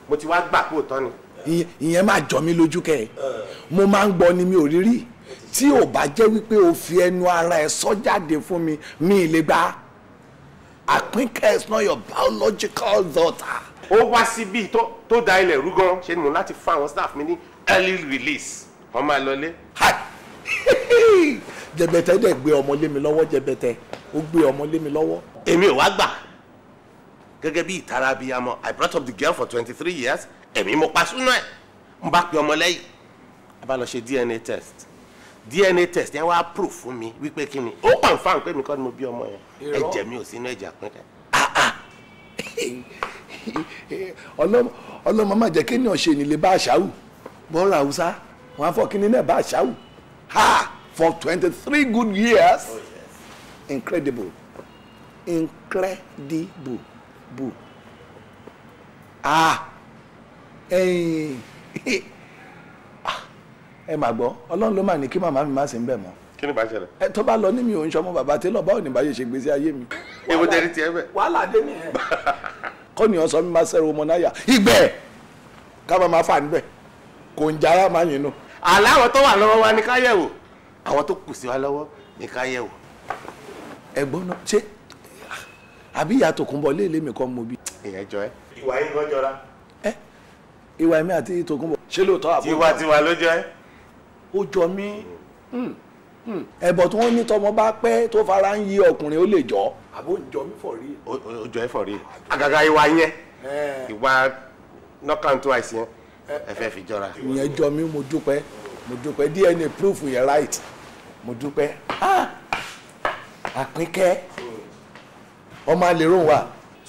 mo ti wá gbà pé òótọ́ ni ìyẹn máa jọ mí lójú kẹ mo máa ń gbọ́ ni mi ò rí rí tí ò bá jẹ́ wípé o fi ẹnu ara ẹ sọ jáde fún mi mi lè gba àpínkẹ́ is not your biological daughter. ó wá síbi tó da ilẹ̀ rú gan ṣe ni mo láti fún àwọn staff mi ní early release wọ́n máa lọlé. jẹbẹtẹ dẹ gbé ọmọ lé mi lọ́wọ́ jẹbẹtẹ ó gbé ọmọ lé mi lọ́wọ́. èmi ò wá gbà gẹ́gẹ́ bí ìtara abiyamọ I brought up the girl for twenty three years ẹ̀mí mo pa sínú ẹ̀ n bá pe ọmọ lẹ́yìn a bá lọ ṣe DNA test DNA test yẹn wá proof fún mi wípé kí ni ó confirm pé mi kọ́ ni mo bí ọmọ yẹn ẹ̀jẹ̀ mi ò sínú ẹ̀jẹ̀ àpẹẹrẹ ah, ah. ọlọ́mọ má jẹ́ ni ṣe nílé bá àṣàwù bọ́ọ̀rọ̀ haúsá wọn á fọ kínní náà bá àṣàwù ha for twenty three good years oh, yes. incredible incredible boo ah. ẹ mà gbọ́ ọlọ́run ló mà ní kí màmá mi má sí ń bẹ̀ mọ́. kí ni bá ṣẹlẹ̀. ẹ tó bá lọ ní mi ò ń sọmọ bàbá tí lọ báwo ni báyìí ṣe gbèsè ayé mi. ewu tẹ́lẹ̀ tiẹ̀ bẹ̀. wàhálà dé nìyẹn. kọ́ ni ọ̀sán mi máa ṣẹ́rù ọmọ náyà ìgbẹ́ ká máa máa fà níbẹ̀ kò ń jára máa yín nù. àlẹ́ àwọn tó wà lọ́wọ́ wa ní ká yẹ̀wò àwọn tó kù sí wa lọ́wọ́ ní ká yẹ̀wò. ẹ̀gbọ́n náà ṣé àbí ìyá tòkunbọ̀ léèlé mi kọ́ mo bí. ìyẹn jọ ẹ. ìwà yìí lọ́jọ́ra ìwà ẹ̀mí àti tòkunbọ̀ ṣé lóòótọ́ àbúrò. tiwa tiwa ló jẹ́. ó jọ mí ẹ̀bọ̀ tí wọ́n ní tọmọ bá pẹ́ tó fara ń yí ọkùnrin ó lè jọ. àbó ń jọ mí fọ̀ rí. ó jọ ẹ fọ̀ rí àgàgà ìwà yẹn ìwà knockout twice yẹn ẹ fẹ́ fi jọra. ìyẹn jọ mí mo dúpẹ́ mo dúpẹ́ DNA proof yẹn right mo dúpẹ́ ah! àpínkẹ́ ọmọ àlè rò wà.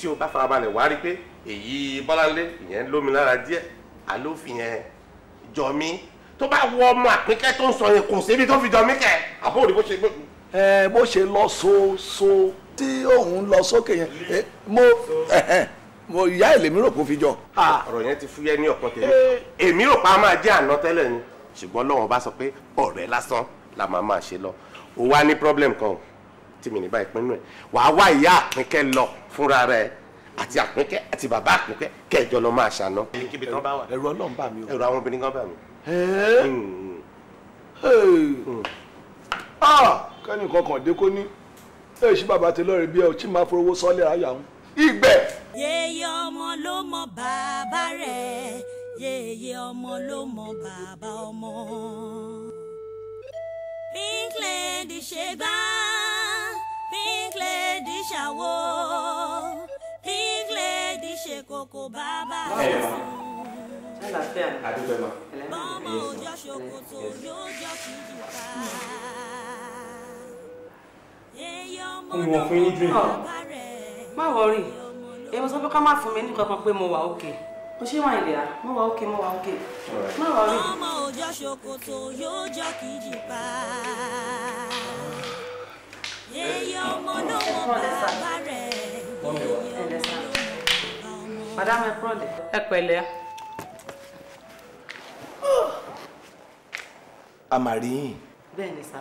tí o bá farabalẹ̀ wá rí pé èyí bọ́láńlé ìyẹn lómi lára díẹ̀ àlófin yẹn jọ mí tó bá wọ ọmọ àpínkẹ́ tó ń sọ yẹn kò síbi tó fi jọ mí kẹ àbó òdìbò ṣe gbé. ẹ bó ṣe lọ soso tí òun lọ sókè yẹn mo mo ìyá ẹ lèmi rò kó fi jọ. ọ̀rọ̀ yẹn ti fúyẹ́ ní ọ̀kan tèmi eh. èmi rò pa á máa jẹ́ àná tẹ́lẹ̀ ni ṣùgbọ́n lọ́wọ́n bá sọ pé ọ̀rẹ́ lásán la máa máa ṣe lọ ó wá ní problem kan tí mi ní báyìí pinnu ẹ̀ wàá wá ìyá àpínkẹ́ lọ fúnra rẹ̀ àti àpínkẹ́ àti bàbá àpínkẹ́ kẹjọ lọ máa ṣàná. kíbi tán bá wà. ẹ̀rù Ọlọ́run bà mí o. ẹ̀rù àwọn obìnrin kan bà mí. Hmm. Hmm. Ah! kẹ́ni kankan dé kó ní èyí bàbá tẹ́lọ̀ rẹ̀ bí ẹ ò tí máa forowó sọ́lẹ̀ ayà ń. ìgbẹ́. yèyé ọmọ ló mọ bàbá rẹ̀ yèyé ọmọ ló mọ bàbá ọmọ. pink lady ṣe gbá pink lady ṣàwọ́ ṣe kókó bàbá rẹ̀ fún un. bọ́mọ òjọ ṣòkòtò yóò jọ kìkì ká. èèyàn mọ́nà kó bàbá rẹ̀. má wọrí èèyàn sọ pé ká má fún mi nǹkan kan pé mo wà òkè mo ṣe wà ilẹ̀ à mo wà òkè mo wà òkè má wọrí. bọ́mọ òjọ ṣòkòtò yóò jọ kìkì ká. èèyàn mọ́nà kó bàbá rẹ̀ madame ẹ pọ̀lẹ́. ẹ pẹ̀lẹ́. a mà rí yín. bẹ́ẹ̀ ni sá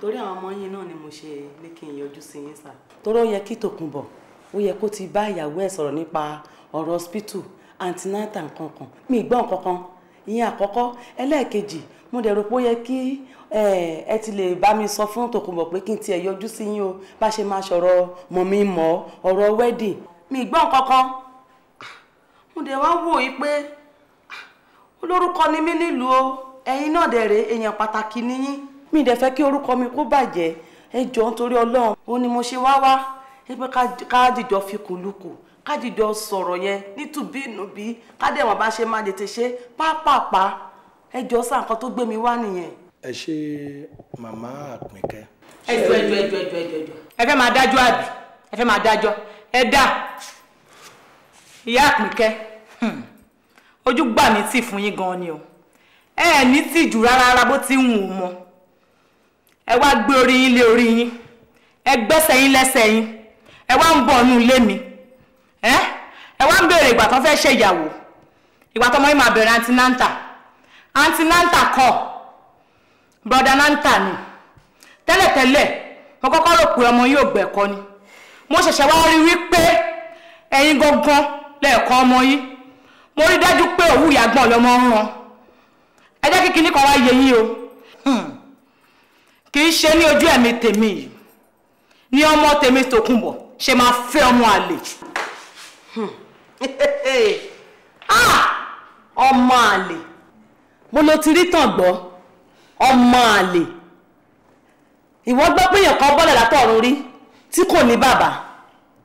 torí àwọn ọmọ yín náà ni mo ṣe ní kí n yọjú sí yín sá. toró yẹ kí Tòkunbọ̀ ó yẹ kó ti bá ìyàwó ẹ̀ sọ̀rọ̀ nípa ọ̀rọ̀ hospital antinata nkankan mi gbọ́ nkankan ìyẹn àkọ́kọ́ ẹlẹ́ẹ̀kejì mo dẹ̀ rò pé ó yẹ kí ẹ ti lè bá mi sọ fún Tòkunbọ̀ pé kí n tiẹ̀ yọjú sí yín o bá ṣe máa ṣọ̀rọ̀ mọ̀ mọ̀ ọ̀rọ̀ wedding mi gbọ́ nkankan mo dẹ̀ wá wò yí pé ah, olórúkọ ni mí nílùú o ẹ̀yin náà dẹ̀ rè èèyàn pàtàkì níyín mi dẹ̀ fẹ́ kí orúkọ mi kó bàjẹ́ ẹ jọ̀ọ́ nítorí ọlọ́run òun ni mo ṣe wá wá pé ká dìjọ fi kùlùkù ká dìjọ sọ̀rọ̀ yẹn nítùbínùbí ká dẹ̀ wọ́n bá ṣe má tètè ṣe pápápá ẹ jọ̀ọ́ sá nǹkan tó gbé mi wá nìyẹn. ẹ ṣe màmá àpínkẹ́. ẹjọ ẹjọ ẹjọ ẹjọ ẹjọ ẹ fẹ́ máa dájọ́ àbí ẹ fẹ́ máa dájọ́ ẹ dá ìyá àpínkẹ́ hmm, ojú gbà mí tì fún yín gan ni o ẹ ẹ ní tì jù rárá bó ti ń wù ú mọ ẹ wá gbé orí yín lé orí yín ẹ gbẹ́sẹ̀ yín lẹ́sẹ̀ yín ẹ wá ń bọ̀ ọ̀nù ilé mi ẹ wá ń béèrè ìgbà tó fẹ́ ìgbà bẹ̀rẹ̀ antinanta antinanta kọ́ broda nanta ni tẹ́lẹ̀tẹ́lẹ̀ mo kọ́kọ́ rò pé ọmọ yóò gbẹ̀kọ́ ni mo ṣẹ̀ṣẹ̀ wá rí ẹ̀yin gangan lẹ́ẹ̀kan ọmọ yín mo rí dájú pé òwúrì àgbọn lọmọ ń ran ẹ jẹ́ kí kinní kan wá yé yín o hmm. kì í ṣe ní ojú ẹ̀mí tèmi yìí ni ọmọ tèmi tòkunbọ̀ ṣe máa fẹ́ ọmọ àlè. Hmm. Ah! ọmọ àlè mo lo ti rí tàn gbọ́ ọmọ àlè ìwọ gbọ́ pé èèyàn kan bọ́lẹ̀ látọ̀run rí tí kò ní bàbá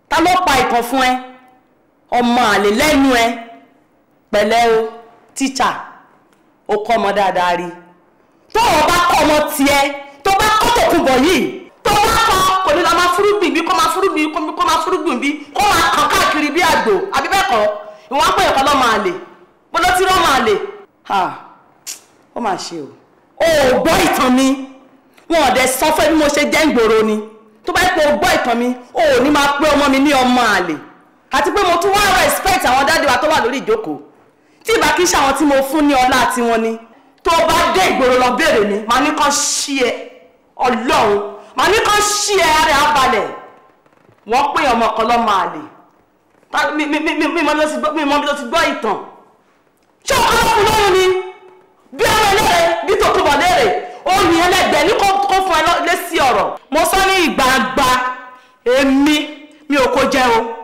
ta ló pa ìkan fún ẹ ọmọ àlè lẹ́nu ẹ pẹ̀lẹ́ o ọkọ ó kọ́ ọmọ dáadáa rí tó ọmọ tiẹ̀ tó bá kọ́ tòkunbọ̀ yìí tó bá kọ́ kò ní lọ máa fúrúgbìn bí kọ máa furugbi kó máa ma bí kó máa kàn káàkiri bí àgbò á pè lọ́mọ àlè o o ò gbọ́ ìtàn mi wọn ò dẹ̀ sọ mo ṣe jẹ́ ń ni tó bá o gbọ́ ìtàn mi ò ní máa ọmọ mi ní ọmọ àlè àti pé mo tún wá respect àwọn dáàdì wa tó wà lórí ìjókòó tí ìbá kí ṣàwọn tí mo fún ní ọlá tiwọn ni tó bá dé ìgboro lọ béèrè ni màá ní kàn ṣí ẹ ọlọ́run màá ní kàn ṣí ẹ ara abalẹ̀ wọ́n pé ọmọ kan lọ́ máa lè mímọ́ bí ló ti gbọ́ ìtàn ṣé ọkọ fún lóhun ni bí ọ̀rọ̀ léèrè bí tòkó bọ̀ léèrè ó ní ẹlẹ́gbẹ̀ẹ́ ní kó fún ẹ lé sí ọ̀rọ̀ mo sọ ní ìgbàgbà èmi mi ò kó jẹ́ o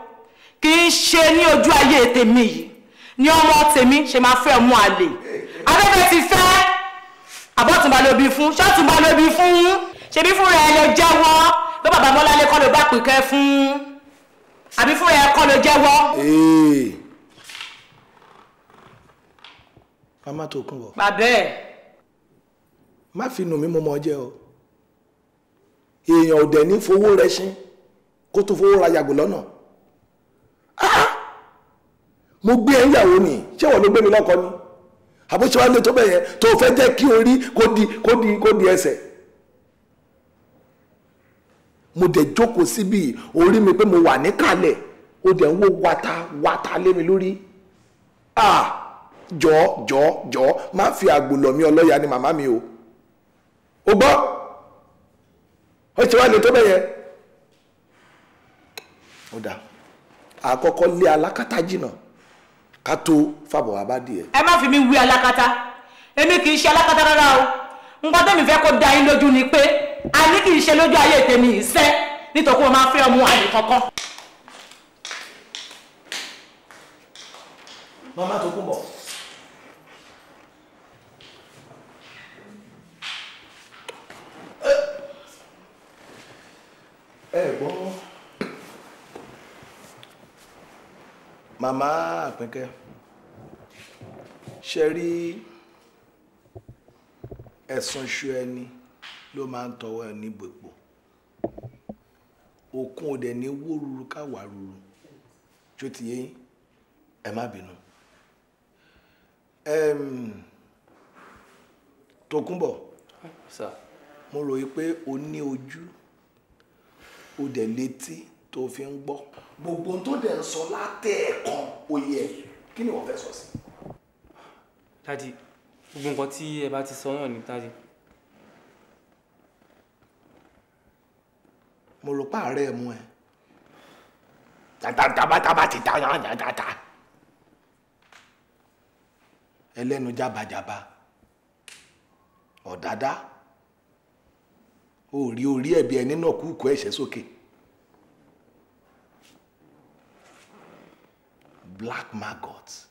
kì í ṣe ní ojú ayé tèmi yìí ni ọmọ tèmi ṣe máa fẹ́ mú àlè afẹ́fẹ́ ti fẹ́ àbọ̀túnba ló bí fún ṣọ́túnba ló bí fún ṣebí fúnra ẹ lè jẹ́wọ́ pé bàbá mọ́lálé kọ́ ló bá pìkẹ́ fún àbí fúnra ẹ kọ́ ló jẹ́wọ́. ká má tó kún wọ. bàbá ẹ. má fi nù mí mo mọ jẹ o èèyàn ò dẹ̀ ní fowó rẹ ṣín kó tó fowó ra yàgò lọ́nà. No mo gbé ẹ níyàwó ni ṣé wọn ló gbé mi lọ́kọ ni àbúṣe wa lè tó bẹ̀yẹ tó fẹ́ jẹ́ kí orí kó di kó di kó di ẹsẹ̀ mo dẹ̀ jókòó síbi orí mi pé mo wà níkàlẹ̀ ó dẹ̀ ń wó wata wata lé mi lórí ah jọ jọ jọ má fi àgbò lọ̀ ọlọ́yà ni màmá mi o o gbọ́ ó ti wá lè tó bẹ́yẹn ó dáa àkọ́kọ́ lé alákatá jìnnà ká tó fàbọ̀ wá bá díẹ̀. ẹ má fi mi wí alákatá èmi kì í ṣe alákatá rárá o nǹkan tẹ́mi fẹ́ kó da yín lójú ni pé a ní kì í ṣe lójú ayé tèmi ìṣẹ́ nítorí mo máa fẹ́ ọmọ àlè kankan. mama tó kún bọ̀. ẹ ẹ gbọ́n. Mama, àpínkẹ́ ṣe rí ẹ̀sùn ṣu ẹni ló máa ń tọwọ́ ẹ níbòpò òkun ò dẹ̀ ní wó ruru káwà ruru tó ti yé ẹ má bínú Tókunbọ̀ mo rò yí pé o ní ojú o dẹ̀ létí tó fi ń gbọ́. gbogbo tó dẹ̀ ń sọ látẹ̀ẹ̀kan oyè kí ni wọ́n fẹ́ sọ sí. dadi gbogbo nǹkan tí ẹ bá ti sọ náà ni dadi. mo rò pa àárẹ̀ mú ẹ. tabatabata ti ta yàn yàn tata. ẹlẹ́nu jábàjábà ọ̀dádá ò rí orí ẹ̀bí ẹ nínú ọ̀kúùkù ẹ̀ṣẹ̀ sókè. So black maggots.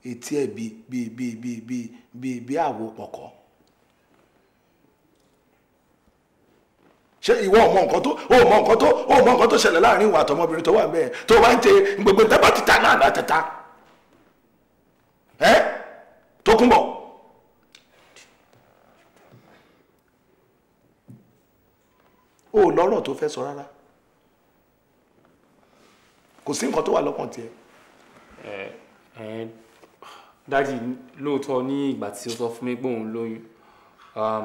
Eti e bi bi bi bi bi bi bi àwo pọ̀kọ́. ṣé ìwọ ò mọ nǹkan tó ò mọ nǹkan tó ò mọ nǹkan tó te gbogbo tẹ́bà na náà náà tẹ́ta ẹ́ o lọ́rọ̀ to fe kò sí nǹkan tó wà lọ́kàn tiẹ̀. ẹ ẹ dáàdi lóòótọ́ ní ìgbà tí ó sọ fún mi pé òun lóyún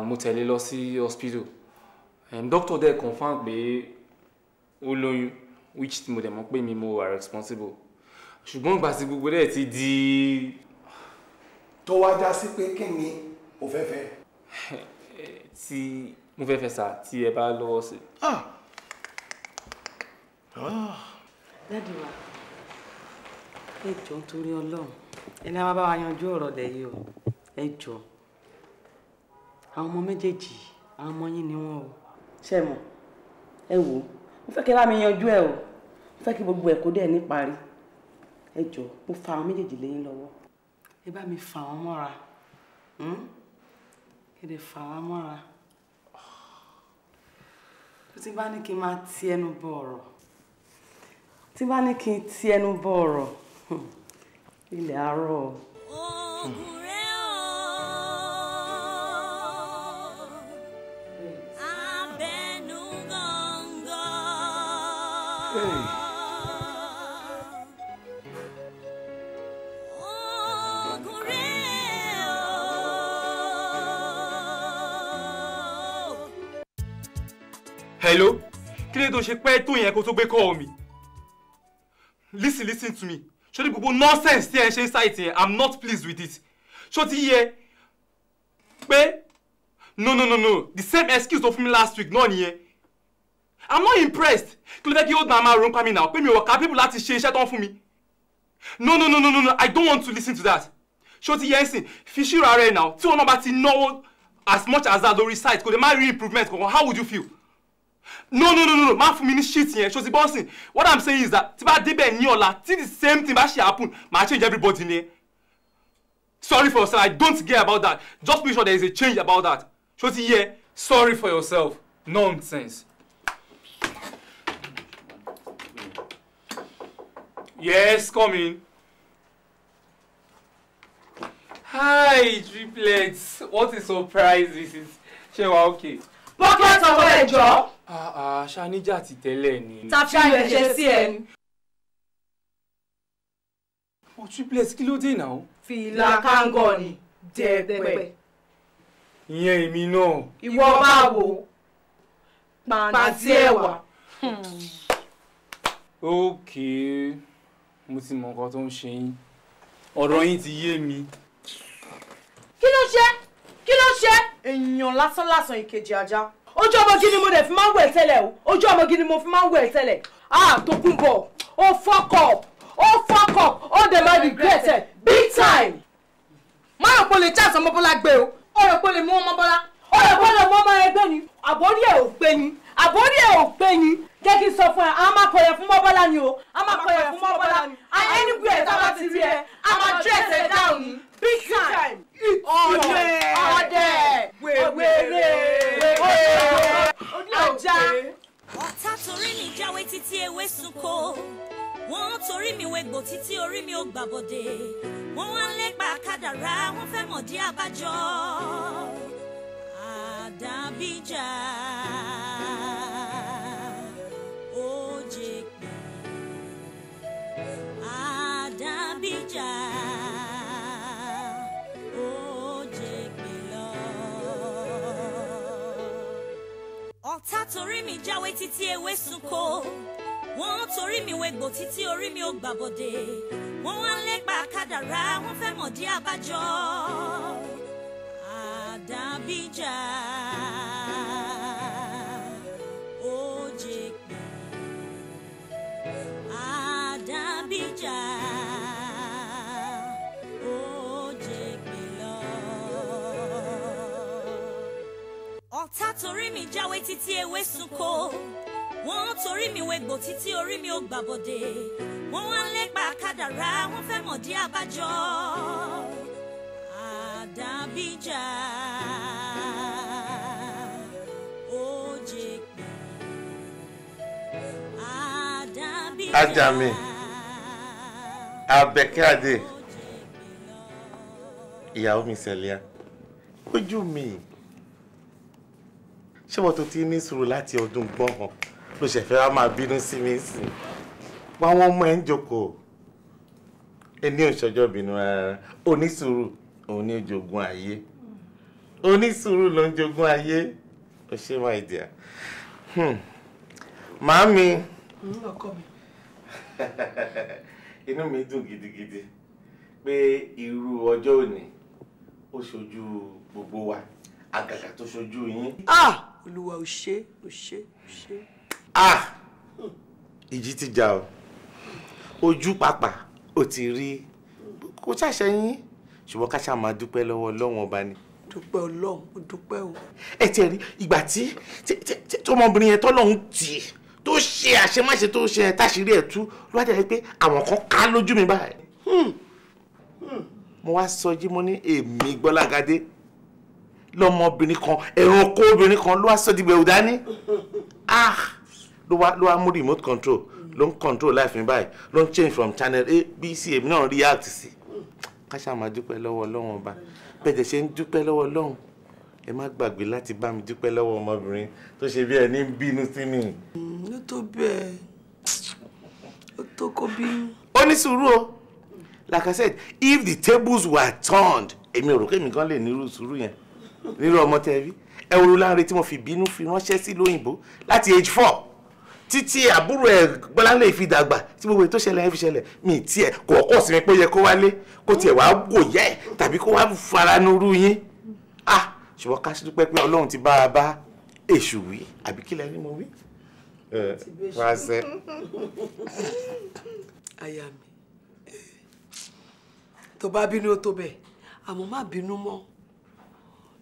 mo tẹ̀lé lọ sí hospital doctor there confam pé ó lóyún which mo dẹ̀ mọ̀ pé mi mo wà responsible ṣùgbọ́n ìgbà tí gbogbo dẹ̀ ti di. tó wá já sí pé kí ni o fẹ́ fẹ́. tí mo fẹ́ fẹ́ sà tí ẹ bá lọ́wọ́ sí. ah. ah! dáàdì wa ẹ jọ̀ọ́ nítorí Ọlọ́run ẹni a máa bá wa yanjú ọ̀rọ̀ lẹ yìí o ẹ jọ̀ọ́ àwọn ọmọ méjèèjì àwọn ọmọ yín ni wọn o ṣe mọ ẹ wò mo fẹ́ kí ẹ bá mi yanjú ẹ o mo fẹ́ kí gbogbo ẹ kó dẹ níparí ẹ jọ̀ọ́ mo fa àwọn méjèèjì lẹ́yìn lọ́wọ́ ẹ bá mi fà wọn mọ́ra hmm? kí lè fà wọn mọ́ra tó ti bá ní kí n máa ti ẹnu bọ ọ̀rọ̀. tí che ní kí n ti ẹnu bọ̀ hello kí ló tó ṣe pẹ́ tó yẹn kó tó mi listen listen to me ṣé ní gbogbo nonsense tí ẹ ṣe ń ṣáìtì yẹn i'm not pleased with it ṣó ti yẹ pé no no no no the same excuse tó fún mi last week náà nìyẹn i'm not impressed kí ló fẹ́ kí old man máa ronú pa mi náà pé mi ò ká people láti ṣe iṣẹ́ tó ń fún mi no no no no no i don't want to listen to that ṣó ti yẹ ẹ sìn fi ṣírò ara ẹ náà tí wọn náà bá ti náwó as much as that lórí site kò lè má rí improvement kankan how would you feel no no no no má fún mi ní shit yẹn ṣoṣi bọ́sìn what i'm saying is that tí bá débẹ̀ ní ọ̀la tí the same thing bá ṣe happen màá change everybody ni sorry for yourself i don't care about that just make sure there is a change about that ṣoṣi hear? sorry for yourself nonsense. yes come in. hi triplets what a surprise this is ṣé wàá okay pocket ọwọ́ ẹ̀ jọ. ti tẹ́lẹ̀ ni. tàbí ẹ̀jẹ̀ sí ẹ. o triplet kí ló dé náà. fìlà kángọ̀ ni dẹ̀pẹ̀. ìyẹn èmi náà. ìwọ báwo pàǹtí ẹ̀wà. ókè mo ti mọ nǹkan tó ń ṣe yín ọ̀rọ̀ yín ti yé mi. kí ló ṣe? kí ló ṣe èèyàn lásán lásán ìkejì ajá ojú ọmọ gidi mo dẹ̀ fi máa ń wẹ̀ tẹ́lẹ̀ o ojú ọmọ gidi mo fi máa ń wẹ̀ tẹ́lẹ̀ ah Tòkunbọ̀ o fuck up o fuck up o dẹ̀ máa regret ẹ̀ big time má rò pé o lè já àtọmọ bọ́lá gbé o ó rò pé o lè mú ọmọ ó rò pé o lè mú ọmọ ẹgbẹ́ ni àbórí ẹ̀ ò pé ni àbórí ẹ̀ ò pé ni jẹ́ kí n sọ fún ẹ a máa kọyẹ fún mọ́bọ́lá ni o a máa kọyẹ fún mọ́bọ́lá ni a anywhere tá a bá rí ẹ a máa dress ẹ down ni big time ọdẹ ọdẹ wèrè wèrè ajá. ọ̀tá torí mi jáwé títí ewé sunko wọ́n torí mi wẹ̀gbọ̀ títí orí mi ò gbàbọ̀dẹ̀ wọ́n wá ń lépa kádàrá wọ́n fẹ́ mọ̀ dí abájọ́ àdàbíjà. torí mi jáwé títí ewé sunko wọ́n torí mi wẹ̀gbò títí orí mi ò gbàbọ̀dé wọ́n wá ń lépa kádàrá wọ́n fẹ́ mọ̀ dí abájọ́ àdàbíjà. torí mi jáwé títí ewé sunko wọ́n torí mi wẹ̀gbò títí orí mi ò gbàbọ̀dé wọ́n wá ń lépa kádàrá wọ́n fẹ́ mọ̀ dí abájọ àdàbíjà. Ajami Abẹ́kẹ́adé ìyàwó mi Sẹ̀líà ojú mi ṣé wọ́n tó ti ní sùúrù láti ọdún gbọ̀ngàn ló ṣe fẹ́ wá máa bínú sí mi sí wọn àwọn ọmọ ẹ̀ ń jókòó ẹni òṣọjọ́ bínú rárá onísùúrù òun ní jogún ayé onísùúrù ló ń jogún ayé ó ṣe máa dì á màámi inú mi dùn gidigidi pé irú ọjọ́ òní ó ṣojú gbogbo wa àgàgà tó ṣojú yín. ah olúwa ò ṣe ò ṣe ò ṣe. ah ìjì ti jà o ojú pàpà ò ti rí kò ṣàṣẹ yín ṣùgbọ́n ká ṣáà máa dúpẹ́ lọ́wọ́ ọlọ́run ọba ni. dúpẹ́ ọlọ́run ó dúpẹ́ o. ẹ tiẹ̀ rí ìgbà tí tọmọbìnrin yẹn tọ́lọ́run tì í tó ṣe àṣemáṣe tó ṣe táṣìírí ẹ̀ tú ló wá pé àwọn kan ká lójú mi báyìí. Hmm. Hmm. mo wá sọ jí mo ní èmi Gbọ́lágadé lọmọbìnrin kan ẹranko obìnrin kan ló wá sọ di gbẹ̀wò dání ah ló wá ló wá mú remote control ló ń control life mi by. ló ń change from channel a b c èmi náà react sí káṣá máa dúpẹ́ lọ́wọ́ ọlọ́run ọba bẹ́ẹ̀ ṣe ń dúpẹ́ lọ́wọ́ ọlọ́run ẹ má gbàgbé láti bá mi dúpẹ́ lọ́wọ́ ọmọbìnrin tó ṣe bí ẹni ń bínú sí mi. ló hmm, tó bẹ́ẹ̀ ó tó kó bínú. ó ní sùúrù o like i said if the tables were turned èmi ò rò pé èmi kan lè nírú sùúrù yẹn nínú ọmọ tẹ rí ẹ wo Láńre tí wọ́n fi bínú fi ránṣẹ́ sí lóyìnbó láti age four títí àbúrò ẹ Gbọ́láńlé fi dàgbà tí gbogbo ètò ìṣẹ̀lẹ̀ ẹ fi ṣẹlẹ̀ mi tiẹ̀ kò ọkọ sí mi pé ó yẹ kó wálé kó tiẹ̀ wá wò yẹ tàbí kó wá fara yín ah ṣùgbọ́n ká sí dúpẹ́ pé Ọlọ́run ti bá a bá èṣù wí àbí kí lẹ ní mo wí. wá sẹ. aya mi tó bá bínú ó tó bẹ́ẹ̀ àmọ́ má bínú mọ́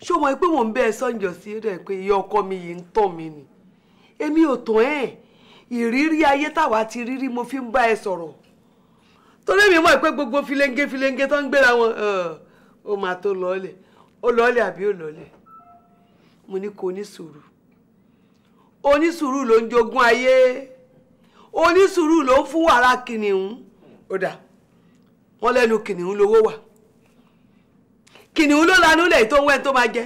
ṣé o mọ̀ pé mò ń bẹ ẹ sọ́njọ́ sí pé iye ọkọ mi yìí ń tàn mí ni èmi ò tàn ẹ́ ìrírí ayé táwa ti rírí mo fi ń bá ẹ sọrọ torí mi mọ̀ pé gbogbo filenge filenge tó ń gbéra wọn ó máa tó lọọlẹ ó lọọlẹ àbí ó lọọlẹ mo ní kò ní sùúrù onísùúrù ló ń jogún ayé onísùúrù ló ń fún wàrà kìnìún ó dà wọ́n lẹ́nu kìnìún lówó wà. kìnìún ló lanú lẹ̀ tó ń wẹ́ tó máa jẹ́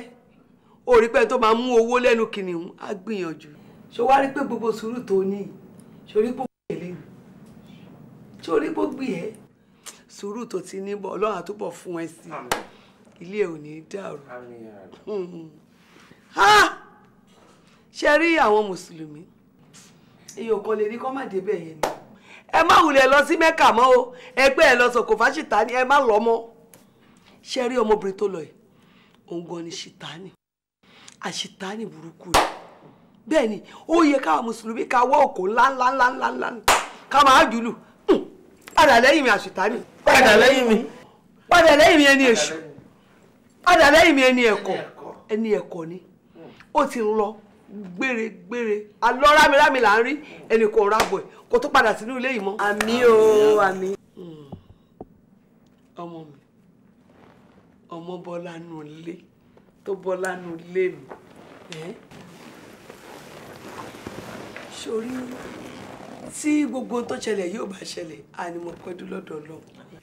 orí pẹ́ tó máa mú owó lẹ́nu kìnìún á gbìyànjú ṣó wá rí pé gbogbo sùúrù tó ní ṣorí pò gbèlè e ní ṣorí pò gbì ẹ́ e? sùúrù tó ti ní bọ̀ ọlọ́run àtúbọ̀ fún ẹ sí ilé ò ní dàrú hmm. ṣe rí àwọn mùsùlùmí èèyàn kan lè ní kọ́ má débẹ̀ yẹn ni ẹ má wulẹ̀ lọ sí mẹ́kà mọ́ o ẹgbẹ́ ẹ lọ sọ̀kò fáṣítà ni ẹ má lọ mọ́ ṣe rí ọmọbìnrin tó lọ yìí òun gan ni ṣìtánì àṣìtánì burúkú rẹ̀ bẹ́ẹ̀ ni ó yẹ káwa mùsùlùmí ká wọ́ òkò ńláńláńláńlá ká máa jùlù hmm. padà lẹ́yìn mi àṣìtánì. padà lẹ́yìn mi. padà lẹ́yìn mi ẹni èṣù padà lẹ́yìn mi ẹni ẹ̀kọ́ ẹni ẹ̀kọ́ ni ó ti ń lọ gbèrègbèrè alọ́ rámirámi là ń rí ẹnì kan rábọ̀ ẹ̀ kó tó padà sínú ilé yìí mọ́. àmì o àmì. Hmm. ọmọ mi ọmọ bọ́lá nù lé tó bọ́lá nù lé mi sórí tí gbogbo tó ṣẹlẹ̀ yóò bá ṣẹlẹ̀ a ní mo pẹ́ dúró lọ́dọ̀ lọ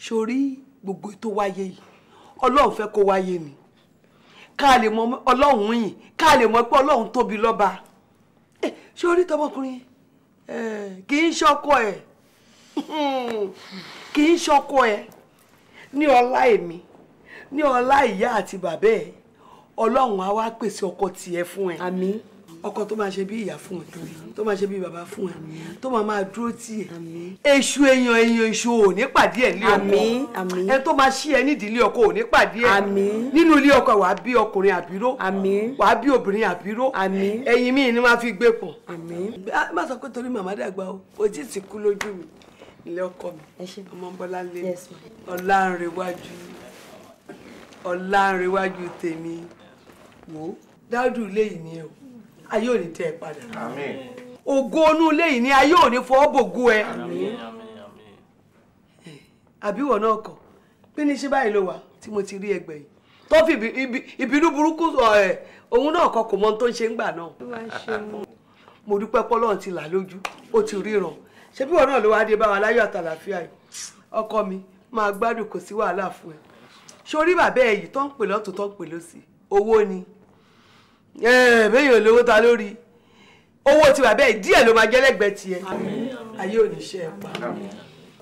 sórí gbogbo tó wáyé yìí ọlọ́run fẹ́ kó wáyé ni ká lè mọ ọlọ́run yìí ká lè mọ pé ọlọ́run tóbi lọ́ba sórí tọmọkùnrin kì í ṣọkọ ẹ kì í ṣọkọ ẹ ní ọlá èmi ní ọlá ìyá àti bàbá ẹ ọlọ́run á wá pèsè ọkọ tiẹ̀ fún ẹ. àmín. ọkọ tó máa ṣe bí ìyá fún ẹ tó máa ṣe bí bàbá fún ẹ tó máa máa dúró tì ẹ. èṣù èèyàn èèyàn èṣù ò ní pàdé ẹ ní ọkọ ẹ tó máa ṣí ẹ nídìí ilé ọkọ ò ní pàdé ẹ nínú ilé ọkọ wàá bí ọkùnrin àbíró wàá bí obìnrin àbíró ẹyin mi ni wàá fi gbé pọ̀. má sọ pé torí màmá dàgbà o ojú ti kú lójú mi ilé ọkọ mi ọmọ bọlá lé ọlá ń rewájú. ọ̀làǹrẹ̀wájú tèmi wò dájú ilé yìí ni o ayé ò ní ẹ padà ògo ilé yìí ni ayé ò ní ẹ àbíwọ̀ náà kọ̀ pé ní ṣe báyìí ló wà tí mo ti rí ẹgbẹ́ yìí tó fi ìbínú burúkú ẹ̀ òun náà kọ kò mọ ohun tó ń ṣe gbà náà mo dúpẹ́ ti lójú ó ti ríran ṣé náà ló dé bá sórí bàbá ẹ yìí tó ń pè lọ́tún tó ń pè lọ́sì owó ni bẹ́ẹ̀ olówó ta lórí owó ti bàbá ẹ díẹ̀ ló máa jẹ́ lẹ́gbẹ̀ẹ́ tiẹ̀ ayé ò ní ṣe ẹ̀ pa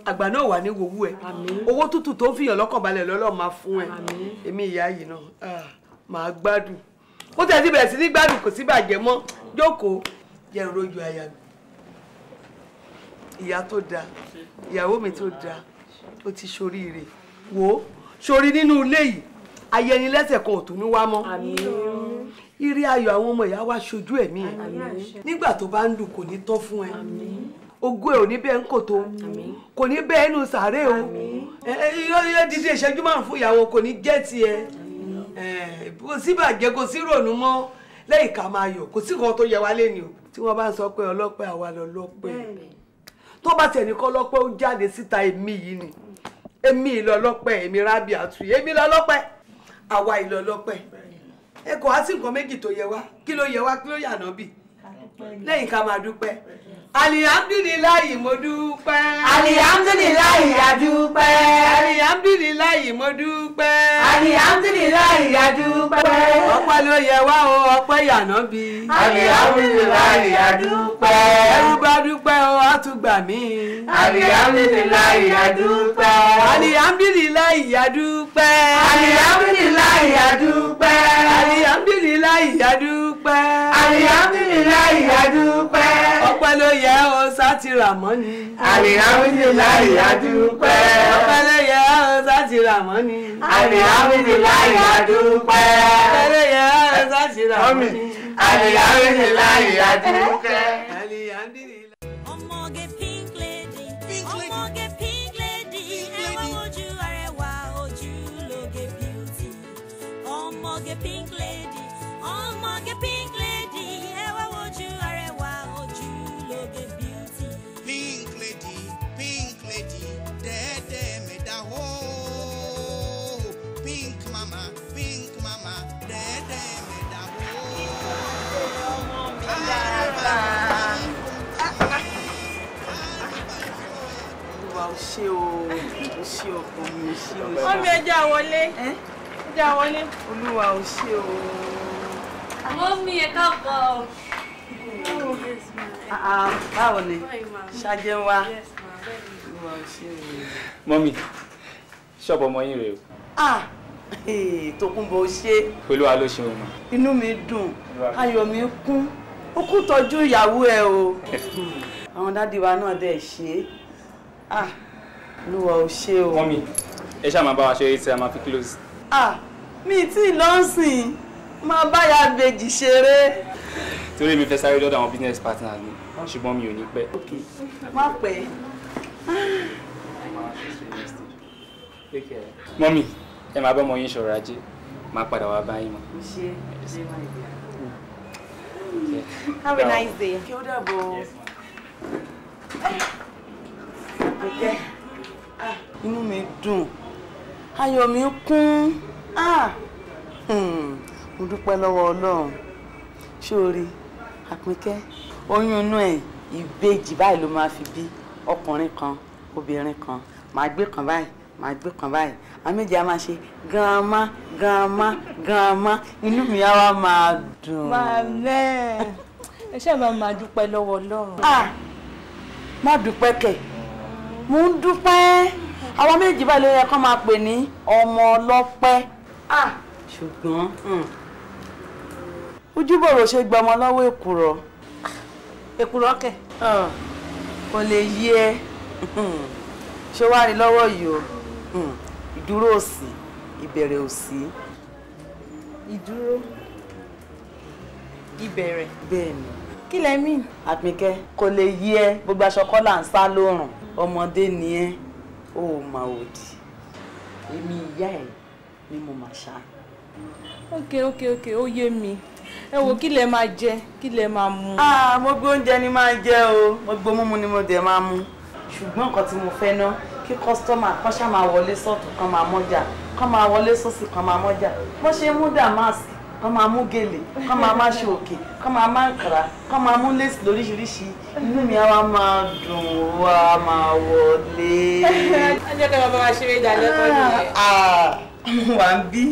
àgbà náà wà ní wòwú ẹ owó tútù tó ń fìyàn lọ́kàn balẹ̀ lọ́lọ́ máa fún ẹ èmi ìyá yìí náà máa gbádùn ó tẹ̀ sí bẹ̀rẹ̀ sí ní gbádùn kò sí bàjẹ́ mọ́ jókòó yẹ rojú aya mi ìyá tó dáa ìyàwó mi tó dáa ó ti ṣoríire wò sórí nínú ilé yìí ayẹni lẹ́sẹ̀ kan ò tún ní wá mọ́ ire ayọ̀ àwọn ọmọ ìyá wa ṣojú ẹ̀mí ẹ̀ nígbà tó bá ń dùn kò ní tọ́ fún ẹ ogó ẹ ò ní bẹ́ẹ̀ ń kò tó kò ní bẹ́ẹ̀ inú sàárè o yóò dídí ìṣẹ́jú márùn fún ìyàwó kò ní jẹ́ tiẹ̀ kò sí bàjẹ́ kò sí rònú mọ́ lẹ́yìn ká máa yọ̀ kò sí kan tó yẹ wá lẹ́nu o tí wọ́n bá ń sọ pé ọlọ́pẹ́ àwa lọ lọ́pẹ́ tó bá tẹ̀ ní kọ́ lọ́pẹ́ ó jáde síta èmi yìí ni èmi ìlọlọ́pẹ́ èmi rábì àtúyí èmi ìlọlọ́pẹ́ àwa ìlọlọ́pẹ́ ẹ kò wá sí nǹkan méjì tó yẹ wá kí ló yẹ wá kí ló yà náà bì lẹ́yìn ká máa dúpẹ́ alihamdulilayi mo dúpẹ́. alihamdulilayi a dúpẹ́. alihamdulilayi mo dúpẹ́. alihamdulilayi a dúpẹ́. ọpẹ́ ló yẹ wá o ọpẹ́ yànà bí. alihamdulilayi a dúpẹ́. ẹrú bá dúpẹ́ o á tún gbà mí. alihamdulilayi a dúpẹ́. alihamdulilayi a dúpẹ́. alihamdulilayi a dúpẹ́. alihamdulilayi a dúpẹ́. alihamdulilayi a ọpẹ́ ló yẹ ọ sáti rà mọ́ ni. àlìhámídì láì adúpẹ́. ọpẹ́ ló yẹ ọ sáti rà mọ́ ni. àlìhámídì láì adúpẹ́. ọpẹ́ ló yẹ ọ sáti rà mọ́ ni. àlìhámídì láì adúpẹ́. ṣé ọkọ mi ò ṣé o ṣé. wọ́n mi ẹja wọlé ẹja wọlé. olúwa ò ṣé o. mọ́mì ẹ káàbọ̀ o. báwo ni ṣáájú wa olúwa ò ṣé o. mọ́mì ṣọ́ọ̀bù ọmọ yín rèé o. Tòkunbọ̀ ò ṣe. olúwa ló ṣe òun. inú mi dùn ayọ̀ mi kún ó kú tọ́jú ìyàwó ẹ o àwọn dádì wa náà dẹ̀ ṣe olúwa ò ṣe o. mọ́mí ẹ ṣáà máa bá wa ṣe eré tí a máa fi close. ah mi tí ì lọ́sìn máa bá ya bèjì ṣeré. torí mi fẹ́ sáré lọ́dọ̀ àwọn business partner mi ṣùgbọ́n mi ò ní pẹ́. má pẹ́. mọ́mí ẹ máa bá ọmọ yín ṣọ̀rọ̀ ajé máa padà wá bá yín mọ́. Mm. Have a nice day. Kí ó dàbọ̀. Okay. Ah, inú mi dùn ayọ̀ mi kún ah, hmm, mo dúpẹ́ lọ́wọ́ ọlọ́run ṣóorí àpínkẹ́ oyún inú ẹ̀ ìbejì báyìí ló máa fi bí ọkùnrin kan obìnrin kan màá gbé kan báyìí màá gbé kan báyìí àméjì á máa ṣe gànmá gànmá gànmá inú mi á wá máa dùn. màmẹ́ ẹ ṣáà máa dúpẹ́ lọ́wọ́ ọlọ́run. Ah, má dúpẹ́ kẹ̀ mo ń dúpẹ́ àwọn méjì báyìí ló yẹ kán máa pè ní ọmọ ọlọ́pẹ́ ṣùgbọ́n hmm. ojúbọ̀rọ̀ ṣe gba ọmọ lọ́wọ́ èkùrọ́ èkùrọ́ kẹ̀ hmm. kò lè yí ẹ hmm. ṣé wàá rí lọ́wọ́ yìí o ìdúró òsì ìbẹ̀rẹ̀ òsì. ìdúró ìbẹ̀rẹ̀. bẹ́ẹ̀ni. kí lẹ mí. àpínkẹ́ kò lè yí ẹ gbogbo aṣọ kọ́là ń sá lórùn ọmọdé ni ẹ ó mà òdì èmi ìyá ẹ ni mo mà ṣá. ok ok ok ó yé mi ẹ wo kí lẹ máa jẹ kí lẹ máa mu. ah mo gbé oúnjẹ ni máa jẹ o mo gbé mímu ni mo dẹ̀ máa mu ṣùgbọ́n nǹkan tí mo fẹ́ ná kí kọ́sítọ́mà kan ṣáà máa wọlé sọ́ọ̀tún kan máa mọ́jà kan máa wọlé sọ́ọ̀sì kan máa mọ́jà bó ṣe mú dàmásì kán máa mú gèlè kán máa má ṣe òkè kán máa má nkàrà kán máa mú lẹ́sì lóríṣiríṣi inú mi á máa dùn wá máa wọlé. ọjọ́ kan bàbá wa ṣeré ìdájọ́ kan nìyẹn. wà á bí.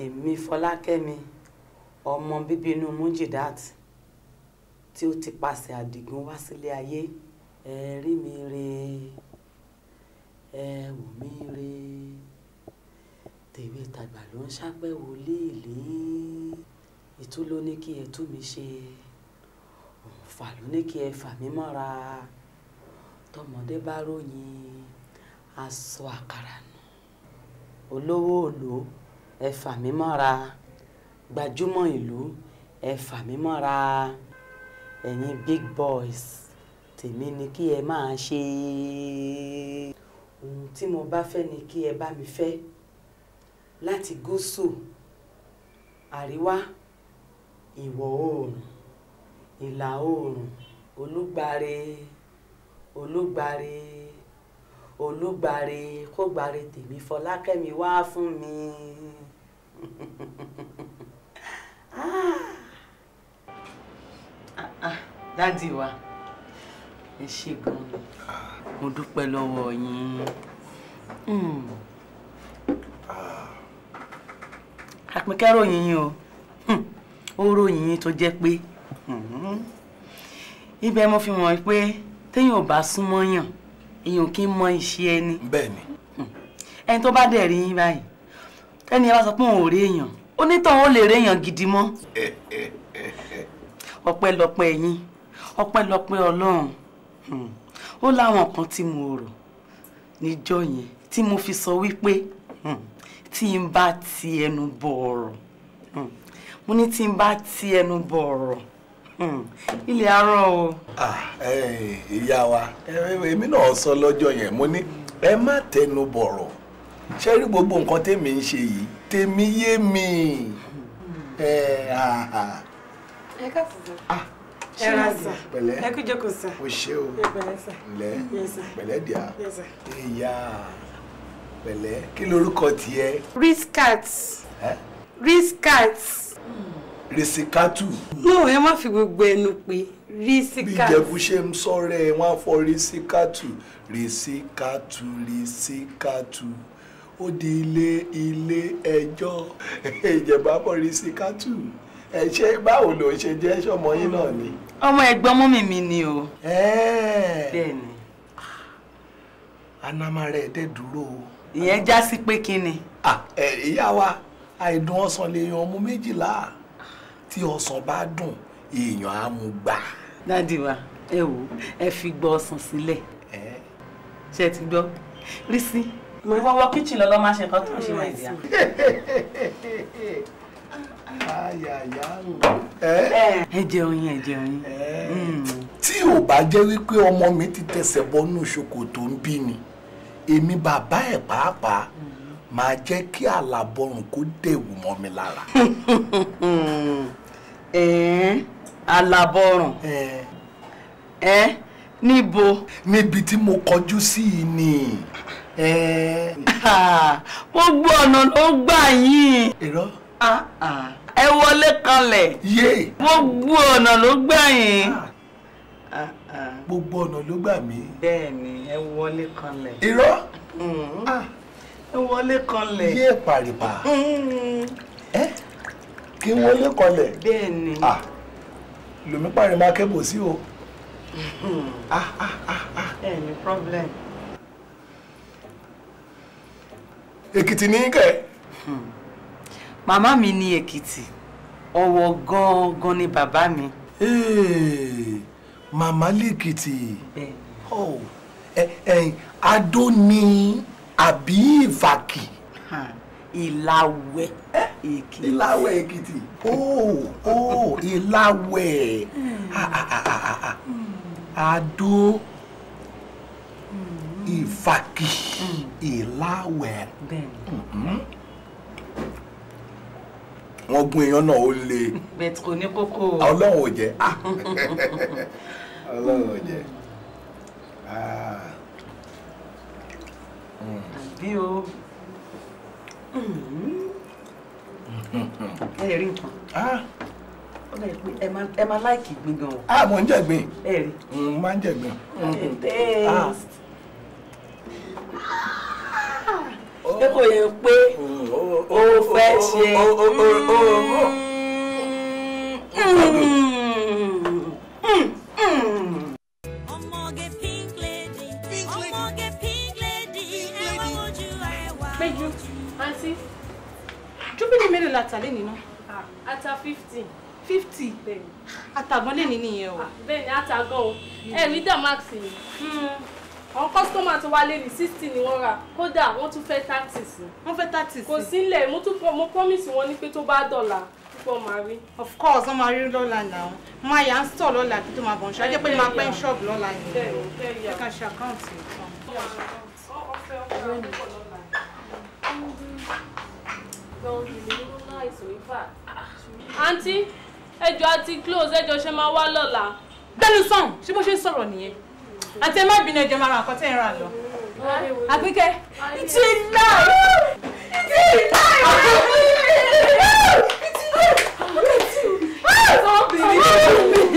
èmi Fọlákẹ́mi ọmọ bíbí inú Mujidat tí ó ti pàṣẹ Àdìgún wá sílé ayé ẹ rí mi re ẹ wù mí re tèmi tàgbà ló ń ṣàpẹ̀wò léèlé ìtú ló ní kí ẹ tú mi ṣe òǹfà ló ní kí ẹ fà mí mọ́ra tọmọdé bá ròyìn aṣọ àkàrà nù olówó òlò ẹ fà mí mọ́ra gbajúmọ̀ ìlú ẹ fà mí mọ́ra ẹ̀yin big boys tèmi ni kí ẹ máa ṣe ohun tí mo bá fẹ́ ni kí ẹ bá mi fẹ́ láti gúúsù àríwá ìwọ̀ oòrùn ìlà oòrùn olúgbàre olúgbàre olúgbàre kógbàre tèmi fọlákẹ́mi wá fún mi. Ah! Ah, ah, dádì wa ẹ ṣe gan-an mo dúpẹ́ lọ́wọ́ yín. Hmm àpínkẹ́ ròyìn yín o hmm. ó ròyìn yín tó jẹ́ pé hmm. ibẹ̀ mo fi mọ̀ pé téèyàn ò bá súnmọ́ yàn èèyàn kì í mọ iṣẹ́ ẹni. bẹ́ẹ̀ni. Hmm. ẹni tó bá dẹ̀ rí yín báyìí tẹ́ni ẹ bá sọ pé òun ò rí èèyàn onítọ̀hún ó lè rí èèyàn gidi mọ́. ọpẹ́lọpẹ́ yín ọpẹ́lọpẹ́ ọlọ́run ó láwọn kan tí mo rò níjọ́ yẹn tí mo fi sọ wípé tí n bá ti ẹnu bọ ọ̀rọ̀ hmm. mo ní tí n bá ti ẹnu bọ ọ̀rọ̀ hmm. ilé arán o. Ah, eh, ìyá wa eh, èmi náà sọ lọ́jọ́ yẹn mo ní ẹ má tẹnu bọ̀rọ̀ ṣé rí gbogbo nǹkan tèmi ń ṣe yìí tèmi yé mi. Hmm. Eh, ẹ káàsì sọ ah, ẹ ra sà ẹ kú jókòó sà o ṣé o pẹ̀lẹ́ pẹ̀lẹ́ díà ìyá pẹ̀lẹ́ kí lorúkọ tiẹ̀. riskat. riskat. risikatu. no ẹ má fi gbogbo ẹnu pé risikatu. bí ìjẹ̀bú ṣe ń sọ̀rọ̀ ẹ̀ wọ́n á fọ risikatu risikatu risikatu ó di ilé ilé ẹjọ́ ìjẹ̀bú á fọ risikatu ẹ ṣe báwo ló ṣe jẹ́ sọmọ yín náà ni. ọmọ ẹ̀gbọ́n mọ́mì mi ni o. bẹ́ẹ̀ ni. anamara ah, ẹ̀ dẹ́ dúró o ìyẹn já sí pé kí ni. ìyá wa àìdùn ọsàn lèèyàn mú méjìlá tí ọsàn bá dùn èèyàn á mú gbà. dádì wa ẹ wò ẹ fi gbọ́ ọsàn sílẹ̀ ṣe ti gbọ́ rí sí. mo wá wọ kíchìn lọ́lọ́ máa ṣe nǹkan tó ń ṣe máa ìdíyà. ẹ jẹun yín ẹ jẹun yín. Mm. tí ò bá jẹ́ wípé ọmọ mi ti tẹsẹ̀ bọ́nú ṣòkòtò ń bí ni èmi bàbá ẹ̀ pàápàá máa jẹ́ kí àlàbọ̀rùn kó dẹ̀wù mọ́ mi lára. ẹ̀ẹ́n àlàbọ̀rùn ẹ̀ẹ́ níbo. níbi tí mo kọjú sí i ni. gbogbo ọ̀nà ló gbà yín. èrò. Ah, ah. ẹ wọlé kalẹ̀. yé. gbogbo ọ̀nà ló gbà yín. Ah gbogbo ọ̀nà ló gbà mí. bẹ́ẹ̀ni ẹ wọlé kanlẹ̀. irọ́. Mm-hmm. Ah. ẹ wọlé kanlẹ̀. yé pàrìpà. Mm-hmm. ẹ kí n wọlé kanlẹ̀. bẹ́ẹ̀ni. Ah. lòmí pàrìmọ akẹ́bù sí o. Mm-hmm. Ah, ẹ ní problem. èkìtì ní kẹ. Hmm. màmá mi ní èkìtì ọ̀wọ̀ gan-an gan ni bàbá mi. Hey màmá lèkìtì oh. adó ni àbí ìfàkì. ìlàwẹ̀ èkìtì. ìlàwẹ̀ èkìtì ooo ìlàwẹ̀ adó ìfàkì ìlàwẹ̀. bẹ́ẹ̀ni. Mm-hmm wọ́n gún iyán náà ó le. bẹ̀tù kò ní kókó. ọlọ́run ò jẹ́ ah. ọlọ́run ò jẹ́. Ah. àbí o mm-hmm. ẹ rí nǹkan ah. ẹ máa láìkì gbin gan o. a mò ń jẹ̀gbìn n máa ń jẹ̀gbìn. taste pé kò yẹ pé o fẹ́ ṣe. Péjú, àǹtí, júbìlì mélòó la tà lẹ́nìí náà? Ata fifteen fifty àtàgbọ́n lè ní nìyẹn o. bẹ́ẹ̀ ni àtàgbọ́n o ẹ̀mí dà max ni àwọn kọ́sítọ́mà tó wálé ní sixty ni wọ́n rà kódà wọ́n tún fẹ́ thirty sí. wọ́n fẹ́ thirty sí. kò sílẹ̀ mo tún mo promise wọn ni pé tó bá dọ̀là púpọ̀ máa rí. of course wọ́n máa rí lọ́la náà máa yà ń sọ̀ lọ́la kí tó máa bọ̀ ń ṣe ajẹ́ pé máa pẹ́ ń ṣọ́ọ̀bù lọ́la yìí. bẹ́ẹ̀ o ẹ ká ṣe àkáǹtì ìtàn. àǹtí ẹjọ́ àti close ẹjọ́ ṣe máa wá lọ́la. bẹ́ẹ̀ ni sàn ṣé bó ṣe ń sọ̀rọ̀ nìyẹn àti ẹ má bínú ẹjọ máa ra nǹkan tẹ́ ẹ rà lọ. àgbékẹ́ ìtì ìlà ìtì ìlà ìtì ìlà ìtì ìlà.